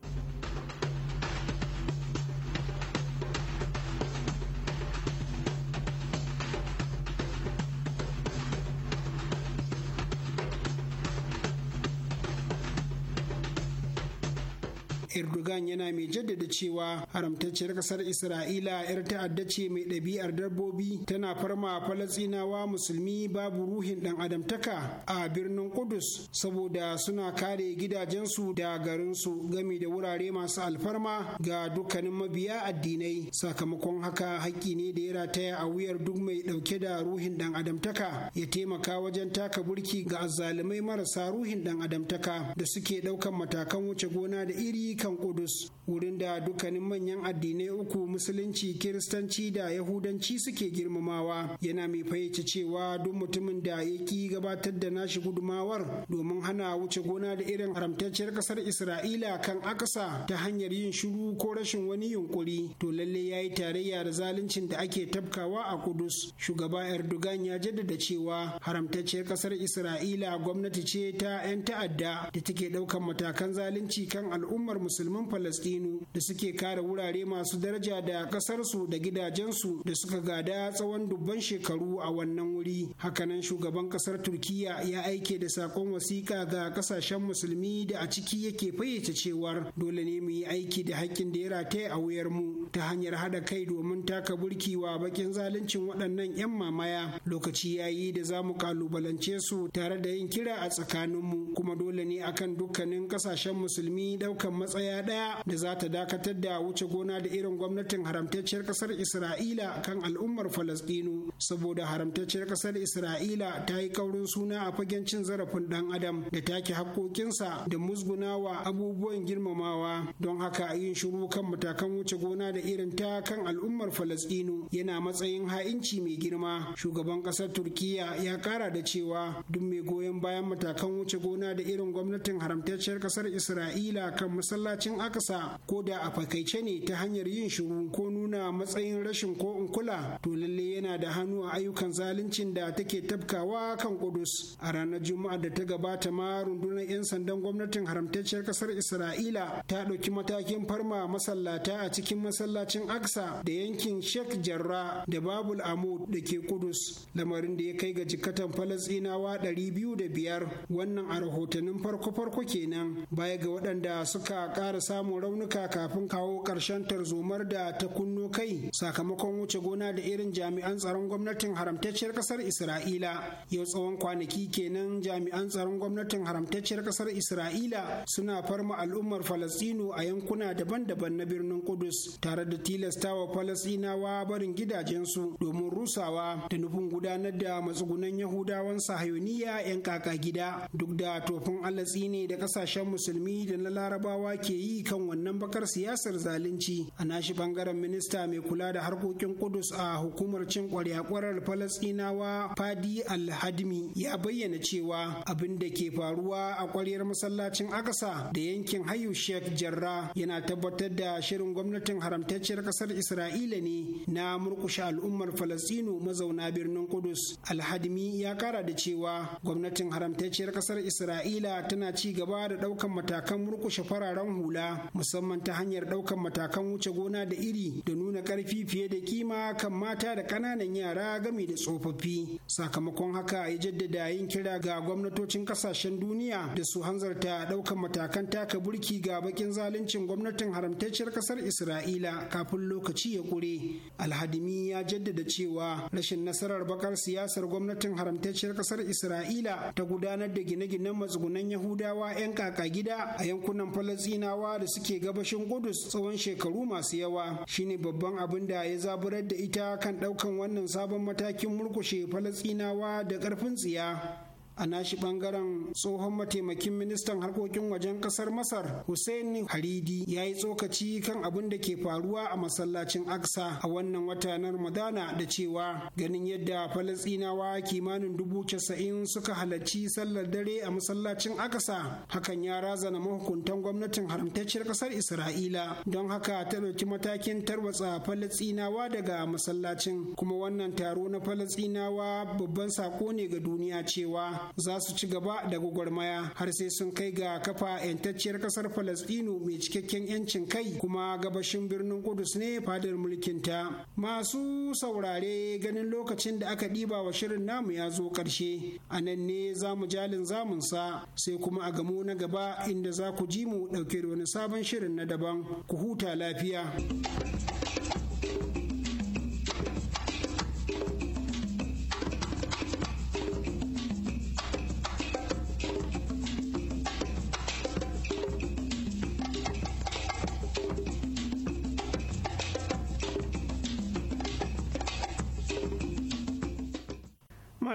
Erdogan yana mai jaddada cewa haramtacciyar ƙasar Isra'ila yar ta'adda ce mai ɗabi'ar dabbobi tana farma Falasɗinawa musulmi babu ruhin ɗan adamtaka a birnin Kudus saboda suna kare gidajensu da garinsu game da wurare masu alfarma ga dukkanin mabiya addinai sakamakon haka haƙƙi ne da ya rataya a wuyar duk mai ɗauke da ruhin ɗan adamtaka ya taimaka wajen taka burki ga azzalumai marasa ruhin ɗan adamtaka da suke ɗaukan matakan wuce gona da iri kan Kudus notice wurin da dukkanin manyan addinai uku musulunci kiristanci da yahudanci suke girmamawa yana mai fayyace cewa duk mutumin da ya ki gabatar da nashi gudumawar domin hana wuce gona da irin haramtacciyar kasar isra'ila kan akasa ta hanyar yin shiru ko rashin wani yunkuri to lalle ya yi tarayya da zaluncin da ake tabkawa a kudus shugaba erdogan ya jaddada cewa haramtacciyar kasar isra'ila gwamnati ce ta 'yan ta'adda da take ɗaukan matakan zalunci kan al'ummar musulmin falastin Kano da suke kare wurare masu daraja da kasarsu da gidajensu da suka gada tsawon dubban shekaru a wannan wuri. Hakanan shugaban ƙasar Turkiyya ya aike da sakon wasiƙa ga ƙasashen musulmi da a ciki yake fayyace cewar dole ne mu yi aiki da haƙƙin da ya rataya a wuyar mu ta hanyar haɗa kai domin taka burki wa bakin zaluncin waɗannan 'yan mamaya lokaci ya yi da za mu kalubalance su tare da yin kira a tsakaninmu kuma dole ne akan dukkanin ƙasashen musulmi ɗaukan matsaya ɗaya da za ta dakatar da wuce gona da irin gwamnatin haramtacciyar kasar isra'ila kan al'ummar falastinu saboda haramtacciyar kasar isra'ila ta yi kaurin suna a fagen cin zarafin dan adam da take haƙƙoƙinsa da musgunawa abubuwan girmamawa don haka yin shiru kan matakan wuce gona da irin ta kan al'ummar falastinu yana matsayin ha'inci mai girma shugaban kasar turkiya ya kara da cewa duk mai goyon bayan matakan wuce gona da irin gwamnatin haramtacciyar kasar isra'ila kan masallacin akasa ko da a fakaice ne ta hanyar yin shiru ko nuna matsayin rashin ko in kula to lalle yana da hannu a ayyukan zaluncin da take tafkawa kan kudus a ranar juma'a da ta gabata ma rundunar 'yan sandan gwamnatin haramtacciyar kasar isra'ila ta ɗauki matakin farma masallata a cikin masallacin aksa da yankin sheikh jarra da babul amud da ke kudus lamarin da ya kai ga jikatan ɗari biyu da biyar, wannan a rahotannin farko-farko kenan baya ga waɗanda suka ƙara samun raunin raunuka kafin kawo ƙarshen tarzomar da ta kunno kai sakamakon wuce gona da irin jami'an tsaron gwamnatin haramtacciyar ƙasar Isra'ila. Yau tsawon kwanaki kenan jami'an tsaron gwamnatin haramtacciyar ƙasar Isra'ila suna farma al'ummar Falastinu a yankuna daban-daban na birnin Kudus tare da tilastawa Falastinawa barin gidajensu domin rusawa da nufin gudanar da matsugunan Yahudawan Sahayoniya 'yan kaka gida duk da tofin alatsi ne da ƙasashen musulmi da na Larabawa ke yi kan wannan wannan siyasar zalunci a nashi bangaren minista mai kula da harkokin kudus a hukumar cin kwaryakwarar Falasinawa fadi alhadmi ya bayyana cewa abin da ke faruwa a kwariyar masallacin akasa da yankin hayu sheikh jarra yana tabbatar da shirin gwamnatin haramtacciyar kasar isra'ila ne na murkushe al'ummar Falasino mazauna birnin kudus alhadmi ya kara da cewa gwamnatin haramtacciyar kasar isra'ila tana ci gaba da ɗaukan matakan murkushe fararen hula musamman musamman ta hanyar ɗaukar matakan wuce gona da iri da nuna ƙarfi fiye da kima kan mata da ƙananan yara gami da tsofaffi sakamakon haka ya jaddada yin kira ga gwamnatocin ƙasashen duniya da su hanzarta ɗaukar matakan taka burki ga bakin zaluncin gwamnatin haramtacciyar ƙasar isra'ila kafin lokaci ya ƙure alhadimi ya jaddada cewa rashin nasarar bakar siyasar gwamnatin haramtacciyar ƙasar isra'ila ta gudanar da gine-ginen matsugunan yahudawa 'yan kaka gida a yankunan falasinawa da suke gaba gabashin Kudus tsawon shekaru masu yawa shine babban abin da ya zaburar da ita kan ɗaukan wannan sabon matakin murkushe Falasɗinawa da ƙarfin tsiya. a nashi bangaren tsohon mataimakin ministan harkokin wajen kasar masar hussein haridi ya yi tsokaci kan abin da ke faruwa a masallacin aksa a wannan wata na ramadana da cewa ganin yadda falasinawa kimanin dubu casa'in suka halarci sallar dare a masallacin aksa hakan ya razana mahukuntan gwamnatin haramtacciyar kasar isra'ila don haka ta ɗauki matakin tarwatsa falasinawa daga masallacin kuma wannan taro na falasinawa babban sako ne ga duniya cewa za su ci gaba da gwagwarmaya har sai sun kai ga kafa 'yantacciyar kasar falasɗinu mai cikakken 'yancin kai kuma gabashin birnin kudus ne fadar mulkinta masu saurare ganin lokacin da aka ɗiba wa shirin namu ya zo ƙarshe a nan ne za mu jalin zamunsa sai kuma a gamo na gaba inda za ku ji mu ɗauke da wani sabon shirin na daban ku huta lafiya.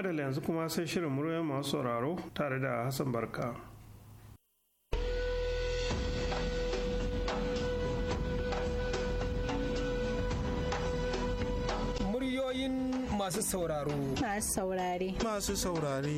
madalla yanzu kuma sai shirin muryoyin masu sauraro tare da hassan barka muryoyin masu sauraro masu saurare masu saurare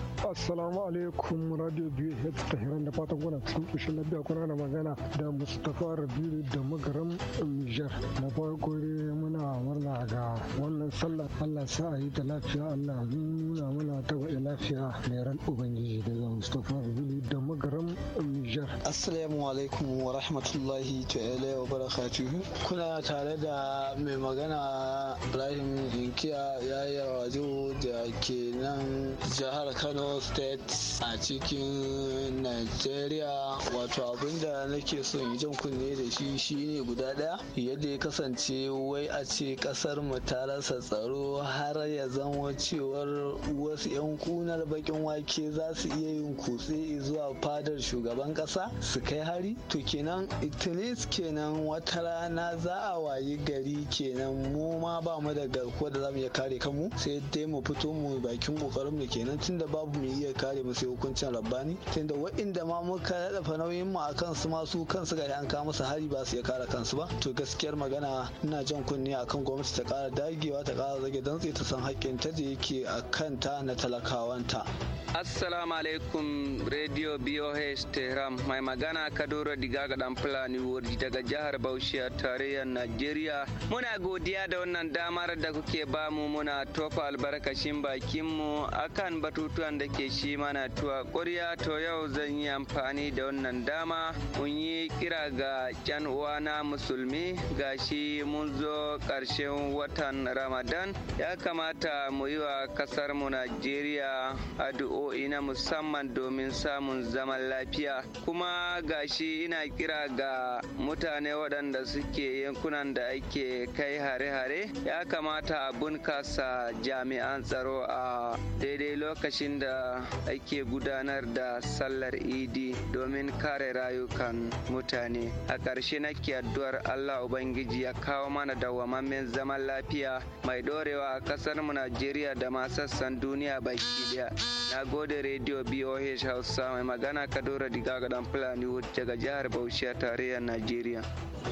Assalamu alaikum Radio ta hirar da fatan kuna cikin ƙoshin lafiya kuna da magana da Mustapha Rabiru da magaram Niger. Na farko muna murna ga wannan sallah Allah sa a yi ta lafiya Allah nuna muna ta baɗi lafiya mai ran Ubangiji daga Mustapha Rabiru da magaram Niger. Assalamu alaikum wa rahmatullahi ta'ala wa barakatuhu. Kuna tare da mai magana Ibrahim ya yi rajo da ke nan jihar Kano State a cikin Nigeria wato abinda nake son yi jan kunne da shi shine guda daya yadda ya kasance wai a ce kasar mu ta rasa tsaro har ya zama cewar wasu 'yan kunar bakin wake za su iya yin kutse zuwa fadar shugaban kasa su kai hari to kenan itinis kenan wata rana za a wayi gari kenan mu ma ba mu da garkuwa da za mu iya kare kanmu sai dai mu fito mu bakin kokarin mu kenan tunda babu mu iya kare musu hukuncin rabbani tunda wa'inda ma muka dafa nauyin mu akan su ma su kansu ga an kawo musu hari ba su ya kare kansu ba to gaskiyar magana ina jan kunne akan gwamnati ta kara dagewa ta kara zage dantse ta san haƙƙin ta da yake a kanta na talakawanta assalamu alaikum radio boh tehran mai magana kaduro diga ga dan fulani wurji daga jihar bauchi a tarayyar najeriya muna godiya da wannan damar da kuke bamu muna tofa albarkashin bakinmu akan batutuwan da yake shi mana tuwa ƙwarya to yau zan yi amfani da wannan dama mun yi kira ga ƙyan uwana musulmi ga shi mun zo ƙarshen watan ramadan ya kamata mu yi wa ƙasar mu najeriya addu'o'i na musamman domin samun zaman lafiya kuma ga shi ina kira ga mutane waɗanda suke yankunan da ake kai hare-hare ya kamata a bunkasa jami'an tsaro a daidai lokacin da da ake gudanar da sallar idi domin kare rayukan mutane a ƙarshe nake addu'ar allah ubangiji ya kawo mana dawamammen zaman lafiya mai ɗorewa a ƙasar mu najeriya da ma sassan duniya baki daya na gode rediyo boh hausa mai magana kadora diga ga dan fulani daga jihar bauchi a tarayyar najeriya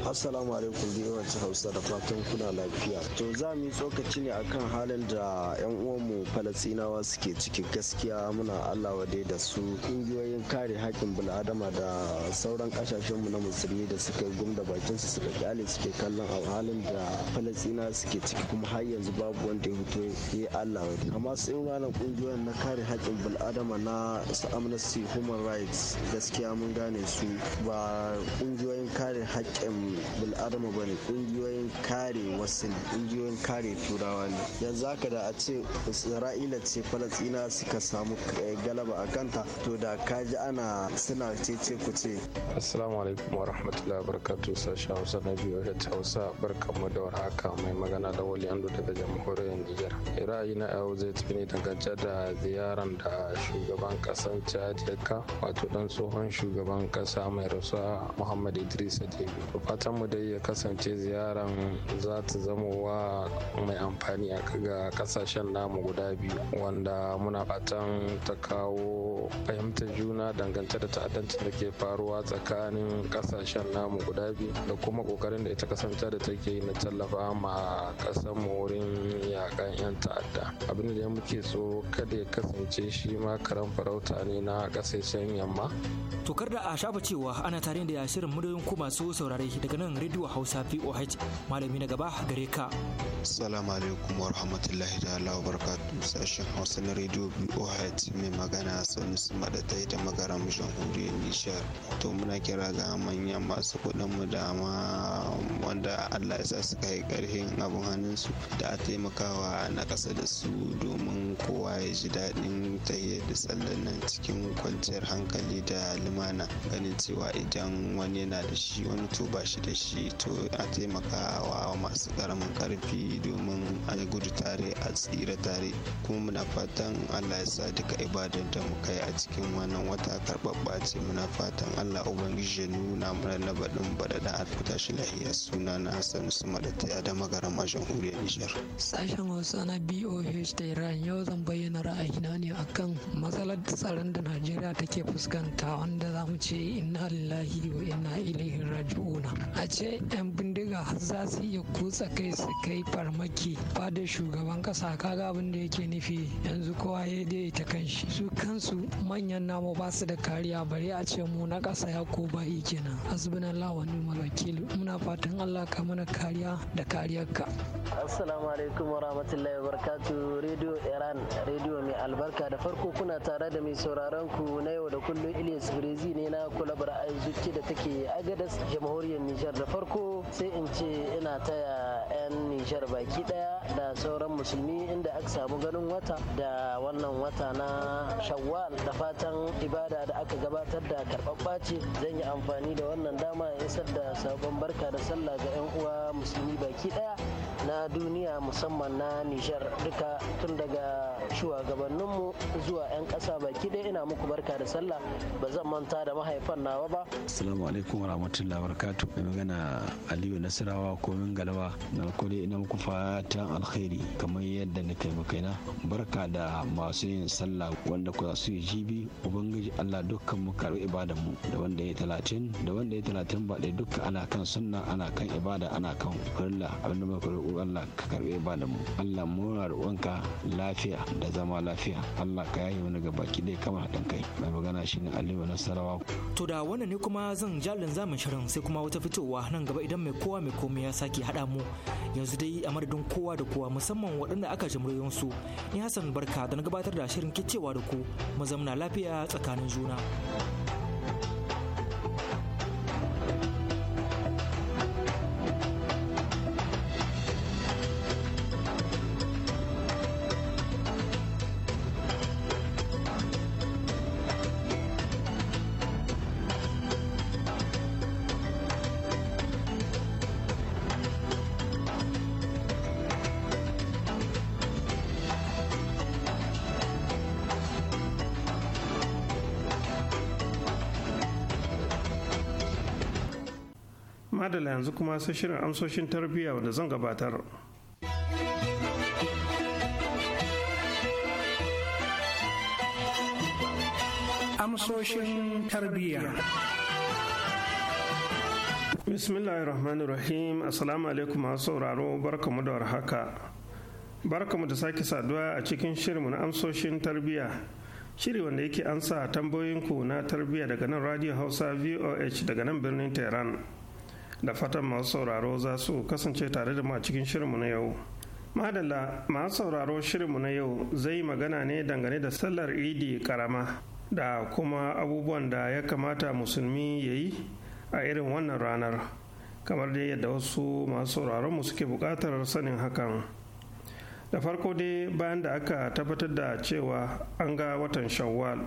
assalamu alaikum biyu hausa da fatan kuna lafiya to za mu yi tsokaci ne akan halin da yan uwanmu falasinawa suke ciki gaskiya gaskiya muna Allah wade da su kungiyoyin kare haƙƙin bil'adama da sauran kasashenmu na musulmi da suka yi da bakin su suka kyale suke kallon a halin da falastina suke ciki kuma har yanzu babu wanda ya fito ya Allah wade amma su in ranar kungiyoyin na kare haƙƙin bil'adama na su amnesty human rights gaskiya mun gane su ba kungiyoyin kare haƙƙin bil'adama ba ne kungiyoyin kare wasu ne kungiyoyin kare turawa ne yanzu haka da a ce isra'ila ce falastina suka sa samu eh, galaba a kanta to da kaji ana suna cece ku ce assalamu alaikum wa rahmatullahi barakatuh sashen hausa na biyu da hausa barkan mu da haka mai magana da wali ando daga jamhuriyar niger ra'ayi na yau zai tafi ne dangance da ziyaran da shugaban kasan chad ya ka wato dan tsohon shugaban kasa mai rasuwa muhammad idris adebi fatan mu dai ya kasance ziyaran za ta zama wa mai amfani a ga kasashen namu guda biyu wanda muna fatan domin ta kawo fahimtar juna dangance da ta'addancin da ke faruwa tsakanin kasashen namu guda biyu da kuma kokarin da ita kasance da take yi na tallafa ma kasar wurin yakan yan ta'adda abin da muke so kada ya kasance shi ma karan farauta ne na kasashen yamma tokar da a shafa cewa ana tare da shirin muryoyin ku masu saurare daga nan rediyo hausa voh malami na gaba gare ka assalamu alaikum wa rahmatullahi ta'ala wa barakatuh sashen hausa na rediyo voh Right mai magana Sanusi ta da magaram jamhuriyar Nijar. To muna kira ga manyan masu kuɗin mu da ma wanda Allah ya sa su kai ƙarfin abin hannun su da a taimakawa na ƙasa da su domin kowa ya ji daɗin tahiyar da tsallan nan cikin kwanciyar hankali da lumana ganin cewa idan wani yana da shi wani to ba shi da shi to a taimakawa masu ƙaramin ƙarfi domin a gudu tare a tsira tare kuma muna fatan Allah ya sa duka ibadan da mu kai a cikin wannan wata karɓaɓɓa ce muna fatan allah ubangiji ya nuna mana na baɗin baɗaɗa a fita shi lahiya suna na hassan su da ya da magaram a jamhuriyar nijar. sashen hausa na boh da iran yau zan bayyana ra'ayina ne akan matsalar tsaron da najeriya take fuskanta wanda za mu ce inna lillahi wa inna ilaihi raji'una a ce bindiga za su iya kutsa kai su kai farmaki da shugaban kasa kaga abin da yake nufi yanzu kowa ya dai ta kanshi su kansu manyan namu ba su da kariya bari a ce mu na kasa ya ko ba kenan hasbunallah wa ni'mal wakil muna fatan Allah ka mana kariya da kariyarka assalamu alaikum wa rahmatullahi wa barakatuh radio iran radio mai albarka da farko kuna tare da mai sauraron ku na yau da kullum Ilyas Brezi ne na kulabar aizuki da take Agadas jamhuriyar Nijar da farko sai in ce ina taya 'yan nijar baki daya da sauran musulmi inda aka samu ganin wata da wannan wata na shawwal da fatan ibada da aka gabatar da karɓaɓɓa ce zan yi amfani da wannan dama ya isar da sabon barka da sallah ga 'yan uwa musulmi baki daya na duniya musamman na nijar duka tun daga shugabanninmu zuwa 'yan ƙasa baki daya ina muku barka da sallah ba zan manta da mahaifan nawa ba assalamu alaikum mai magana aliyu na nasarawa komin galaba na kuri na muku fatan alkhairi kamar yadda na kai na barka da masu yin sallah wanda ku su yi jibi ubangiji allah dukkan mu karbi ibadan mu da wanda ya talatin da wanda ya talatin ba ɗaya dukkan ana kan sunna ana kan ibada ana kan kulla abinda mai kurla allah ka karbi ibadan mu allah muna roƙonka lafiya da zama lafiya allah ka yaye wani gaba ki dai kama haɗin kai mai magana shine aliyu nasarawa to da wannan ne kuma zan jalin zamin shirin sai kuma wata fitowa nan gaba idan mai kowa kowa mai komai ya sake haɗa mu yanzu dai a madadin kowa da kowa musamman waɗanda aka jimriyon su ni hassan barka da na gabatar da shirin kicewa da ku mu zamna lafiya tsakanin juna. madalla yanzu kuma sai shirin amsoshin tarbiyya wanda zan gabatar. Amsoshin tarbiyya. rahim Assalamu alaikum masu sauraro barkamu da warhaka. Barkamu da sake saduwa a cikin shirinmu na amsoshin tarbiyya. Shiri wanda yake ansa tambayoyinku na tarbiyya daga nan Radio Hausa VOH daga nan birnin Tehran. da fatan masu sauraro za su kasance tare da mu a cikin shirinmu na yau madalla masu sauraro shirinmu na yau zai magana ne dangane da sallar idi karama da kuma abubuwan da ya kamata musulmi ya yi a irin wannan ranar kamar dai yadda wasu masu sauraron mu suke buƙatar sanin hakan da farko dai bayan da aka tabbatar da cewa an ga watan shawwal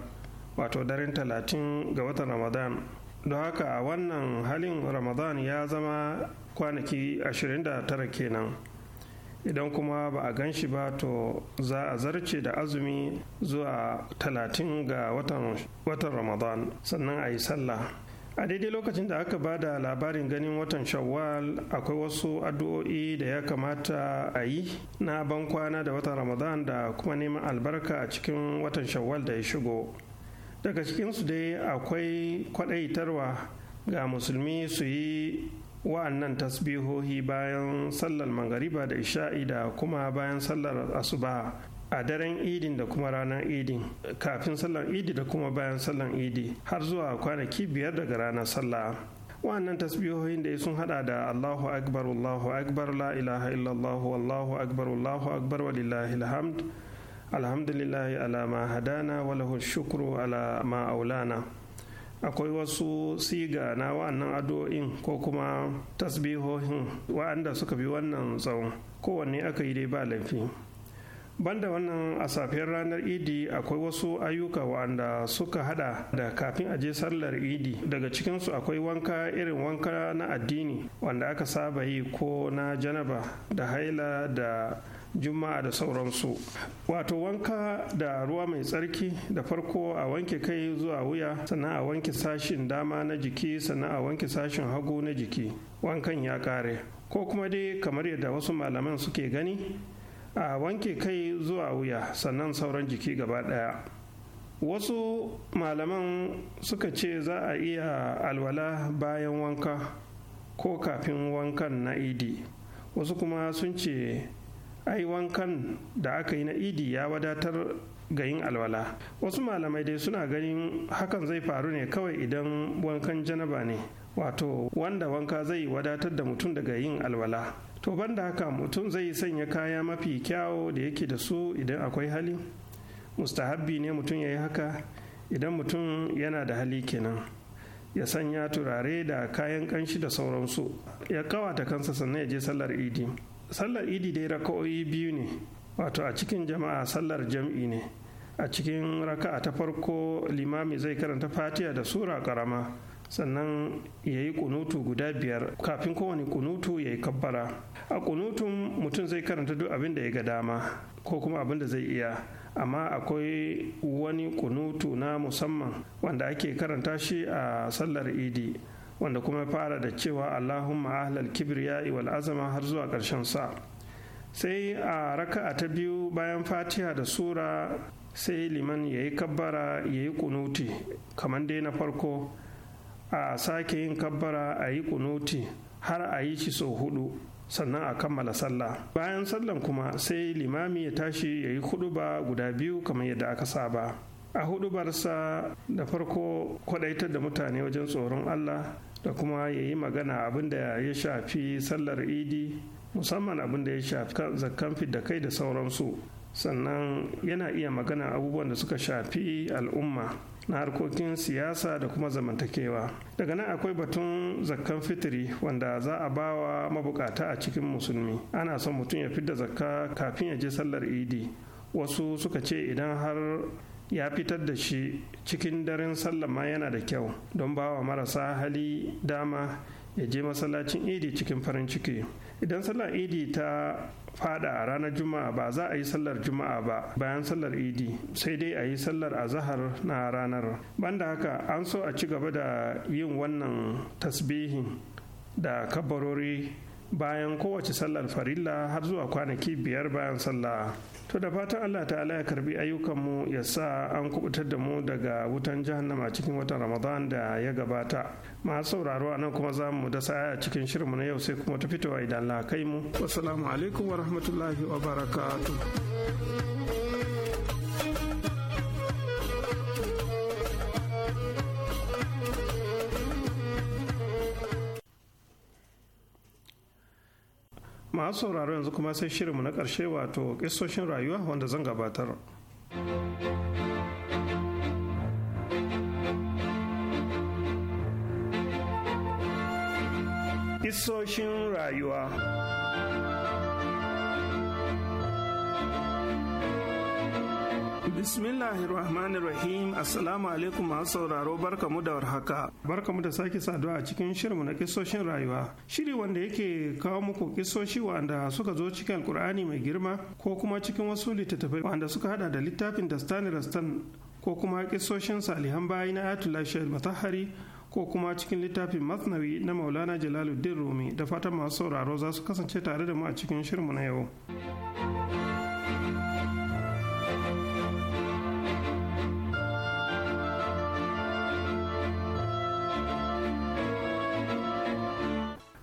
wato daren talatin ga watan ramadan don haka a wannan halin ramadan ya zama kwanaki 29 kenan idan kuma ba a gan shi ba to za a zarce da azumi zuwa 30 ga watan ramadan sannan a yi sallah a daidai lokacin da aka ba da labarin ganin watan shawwal akwai wasu addu'o'i da ya kamata a yi na ban kwana da watan ramadan da kuma neman albarka a cikin watan shawwal da ya shigo daga cikinsu dai akwai kwaɗaitarwa ga musulmi su yi wa'annan tasbihohi bayan sallar magariba da isha'i da kuma bayan sallar asuba a daren idin da kuma ranar idin kafin sallar idi da kuma bayan sallar idi har zuwa kwanaki biyar daga ranar sallah wannan tasbihohin da sun hada da Allahu akbar Allahu akbar la ilaha illallah wallahu akbar Allahu akbar walillahi alhamd alhamdulillahi ala ma hadana walahu shukru ala ma aulana akwai wasu siga na wa'annan addu'o'in ko kuma tasbihohin wa'anda suka bi wannan tsawon kowanne aka yi dai ba laifi banda wannan a safiyar ranar idi akwai wasu ayyuka wa'anda suka hada da kafin aje sallar idi daga cikinsu akwai wanka irin wanka na addini wanda aka saba yi ko na janaba da haila da juma'a da sauransu wato wanka da ruwa mai tsarki da farko a wanke kai zuwa wuya sannan a wanke sashin dama na jiki sannan a wanke sashin hagu na jiki wankan ya kare ko kuma dai kamar yadda wasu malaman suke gani a wanke kai zuwa wuya sannan sauran jiki gaba daya wasu malaman suka ce za a iya alwala bayan wanka ko kafin wankan na idi wasu kuma sun ce ai wankan da aka yi na idi ya wadatar ga yin alwala wasu malamai dai suna ganin hakan zai faru ne kawai idan wankan janaba ne wato wanda wanka zai wadatar da mutum daga yin alwala to banda haka mutum zai sanya kaya mafi kyawo da yake da su idan akwai hali mustahabbi ne mutum ya yi haka idan mutum yana da hali kenan ya sanya turare da kayan kanshi da sauransu ya kawata kansa sannan ya je sallar idi sallar idi dai raka'o'i biyu ne wato a cikin jama'a sallar jam'i ne a cikin raka'a ta farko limami zai karanta Fatiya da sura karama sannan ya yi kunutu guda biyar kafin kowane kunutu ya yi kabbara a kunutun mutum zai karanta duk abin da ya ga dama ko kuma abin da zai iya amma akwai wani kunutu na musamman wanda ake karanta shi a sallar idi wanda kuma fara da cewa Allahumma ahlal kibriya wal azama har zuwa ƙarshen sa sai a raka'a ta biyu bayan fatiha da sura sai liman ya yi kabbara ya yi kunuti kamar dai na farko a sake yin kabbara a yi kunuti har a yi shi sau hudu sannan a kammala sallah bayan sallan kuma sai limami ya tashi ya yi ba guda biyu kamar yadda aka saba a hudubarsa da farko kwadaitar da mutane wajen tsoron allah da kuma ya yi magana abin ya shafi sallar idi musamman abinda da ya shafi zakkan da kai da sauransu sannan yana iya magana abubuwan da suka shafi al'umma na harkokin siyasa da kuma zamantakewa daga nan akwai batun zakkan fitiri wanda za a ba wa mabukata a cikin musulmi ana son mutum ya fidda zakka kafin ya je sallar idi wasu suka ce idan har ya fitar da shi cikin daren sallama yana da kyau don bawa marasa hali dama ya je masallacin idi cikin farin ciki idan sallar idi ta fada a ranar juma'a ba za a yi sallar juma'a ba bayan sallar idi sai dai a yi sallar azahar na ranar banda haka an so a ci gaba da yin wannan tasbihin da kabarori bayan kowace sallar farilla har zuwa kwanaki biyar bayan sallah to da fatan allah ta'ala ya karbi ayyukanmu ya sa an kubutar da mu daga wutan jahannama cikin watan ramadan da ya gabata masu sauraro a nan kuma za mu da sa'a cikin shirinmu na yau sai kuma ta fitowa idan la kai mu wassalamu alaikum wa rahmatullahi wa masu sauraro yanzu kuma sai shirinmu na ƙarshe wato ƙisoshin rayuwa wanda zan gabatar. Ƙisoshin rayuwa Bismillahirrahmanirrahim Assalamu alaikum masu sauraro barkamu da warhaka. Barkamu da sake saduwa a cikin shirmu na kisoshin rayuwa. Shiri wanda yake kawo muku kisoshi wanda suka zo cikin Alkur'ani mai girma ko kuma cikin wasu littattafai wanda suka hada da littafin Dastani Rastan ko kuma kisoshin Salihan bayi na Ayatollah Shahid Matahari ko kuma cikin littafin Masnawi na Maulana Jalaluddin Rumi da fatan masu sauraro za su kasance tare da mu a cikin shirmu na yau.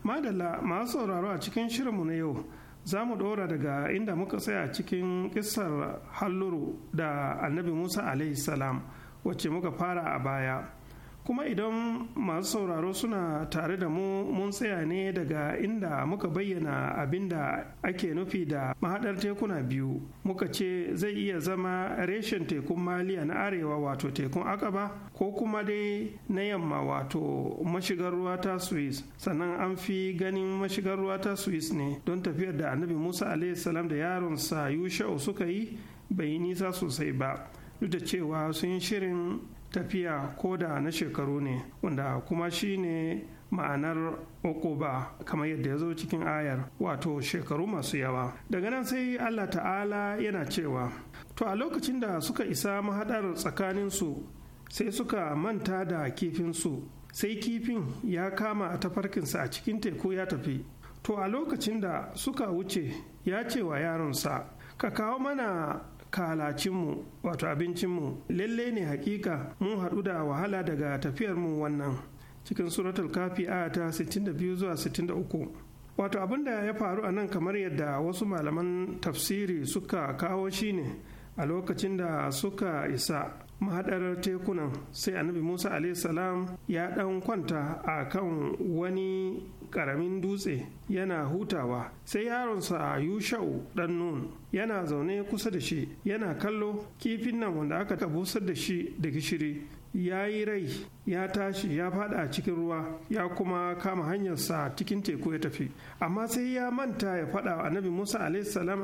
madalla masu sauraro a cikin shirinmu na yau za mu ɗora daga inda muka tsaya cikin ƙisar halluru da annabi musa salam wacce muka fara a baya kuma idan masu sauraro suna tare da mu mun tsaya ne daga inda muka bayyana abin da ake nufi da mahaɗar tekuna biyu muka ce zai iya zama reshen tekun maliya na arewa wato tekun akaba ko kuma dai na yamma wato mashigar ruwa ta swiss sannan an fi ganin mashigar ruwa ta swiss ne don tafiyar da annabi musa salam da yaronsa yusha'u suka yi bai yi nisa sosai ba duk da cewa sun shirin tafiya ko da na shekaru ne wanda kuma ne ma'anar ba kamar yadda ya zo cikin ayar wato shekaru masu yawa daga nan sai allah ta'ala yana cewa to a lokacin da suka isa mahadar tsakaninsu sai suka manta da kifinsu sai kifin ya kama a tafarkinsa a cikin teku ya tafi to a lokacin da suka wuce ya ce wa yaronsa ka kawo mana kalacinmu wato abincinmu lalle ne hakika mun haɗu da wahala daga tafiyar mu wannan cikin suratul kafi a ta 62 zuwa 63 wato abin da ya faru a nan kamar yadda wasu malaman tafsiri suka kawo shine a lokacin da suka isa mahaɗar tekunan sai annabi musa salam ya ɗan kwanta a kan wani ƙaramin dutse yana hutawa sai yaronsa yushau ɗan nun yana zaune kusa da shi yana kallo kifin nan wanda aka busar da shi da gishiri ya yi rai ya tashi ya fada a cikin ruwa ya kuma kama hanyarsa cikin teku ya tafi amma sai ya manta ya fada wa annabi musa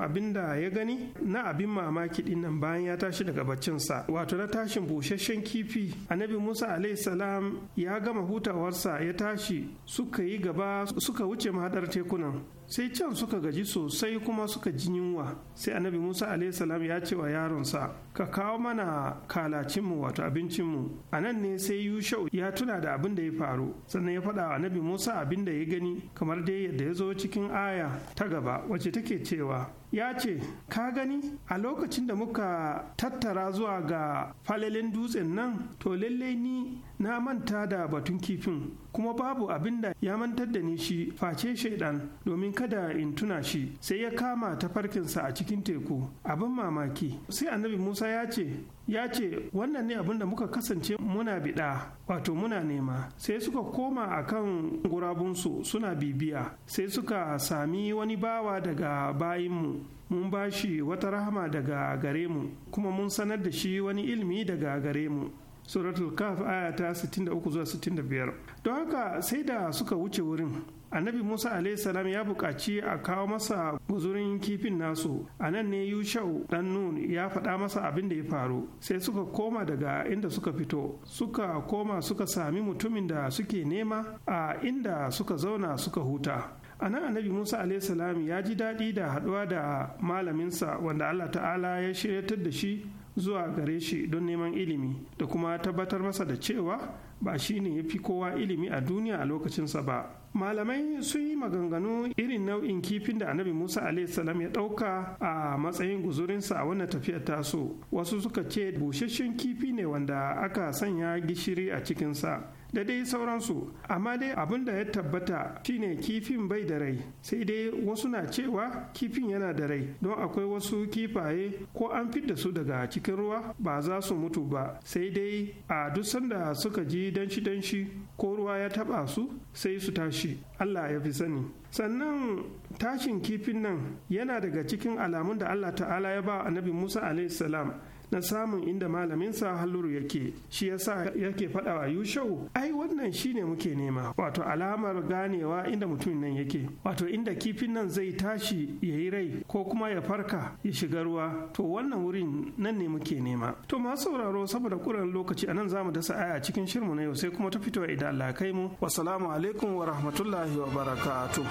abin da ya gani na abin mamaki dinnan bayan ya tashi daga baccinsa wato na tashin busasshen kifi annabi musa salam ya gama hutawarsa ya tashi suka yi gaba suka wuce mahadar tekunan sai can suka gaji sosai kuma suka ji yunwa sai annabi musa salam ya ce wa yaronsa ka kawo mana kalacinmu wato abincinmu a nan ne sai yushau ya tuna da abin da ya faru sannan ya faɗa wa nabi musa abin da ya gani kamar dai yadda ya zo cikin aya ta gaba wacce take cewa ya ce ka gani a lokacin da muka tattara zuwa ga falalin dutsen nan to lallai ni na manta da batun kifin kuma babu abin da ya mantar da ni shi face shaidan domin kada in tuna shi sai ya kama ta farkinsa a cikin teku abin mamaki sai annabi musa Musa ya ce, ya ce wannan ne abin da muka kasance muna biɗa wato muna nema sai suka koma a kan gurabunsu suna bibiya sai suka sami wani bawa daga bayinmu mun ba shi wata rahama daga gare mu kuma mun sanar da shi wani ilimi daga gare mu suratul kaf aya ta 63 zuwa 65 don haka sai da suka wuce wurin annabi musa salam ya buƙaci a kawo masa guzurin kifin nasu a nan ne yushau ɗan nun ya faɗa masa abin da ya faru sai suka koma daga inda suka fito suka koma suka sami mutumin da suke nema a inda suka zauna suka huta a nan annabi musa salam ya ji daɗi da haɗuwa da malaminsa wanda allah ta'ala ya shiryatar da shi zuwa gare shi don neman ilimi da kuma tabbatar masa da cewa ba shi ne ya fi kowa ilimi a duniya a lokacinsa ba malamai sun yi maganganu irin nau'in kifin da annabi musa salam ya ɗauka a matsayin guzurinsa a wannan tafiyar taso wasu suka ce busasshen kifi ne wanda aka sanya gishiri a cikinsa da dai sauransu amma dai abin da ya tabbata shine kifin bai da rai sai dai wasu na cewa kifin yana da rai don akwai wasu kifaye ko an fidda su daga cikin ruwa ba za su mutu ba sai dai a duk sanda suka ji danshi danshi ko ruwa ya taba su sai su tashi Allah ya fi sani sannan tashin kifin nan yana daga cikin alamun da Allah ta'ala ya ba annabi Musa alaihi salam na samun inda malaminsa halluru yake shi yasa yake faɗa wa yushau ai wannan shine muke nema wato alamar ganewa inda mutumin nan yake wato inda kifin nan zai tashi ya yi rai ko kuma ya farka ya shiga ruwa to wannan wurin nan ne muke nema to masu sauraro saboda kuran lokaci anan zamu dasa aya cikin shirmu na yau sai kuma ta fitowa idan Allah kai mu wassalamu alaikum wa rahmatullahi wa barakatuh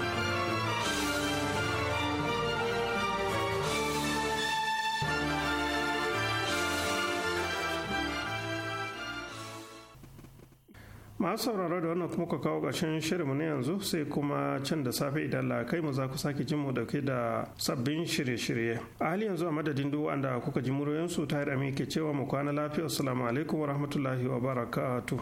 masu sauraro da wannan kuma ka kawo ƙarshen shirinmu na yanzu sai kuma can da safe idan la kai mu za ku sake jin mu da kai da sabbin shirye-shirye a hali yanzu a madadin duk wanda kuka ji su ta yi ke cewa mu kwana lafiya assalamu alaikum wa rahmatullahi wa barakatu.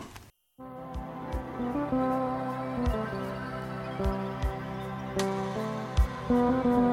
thank you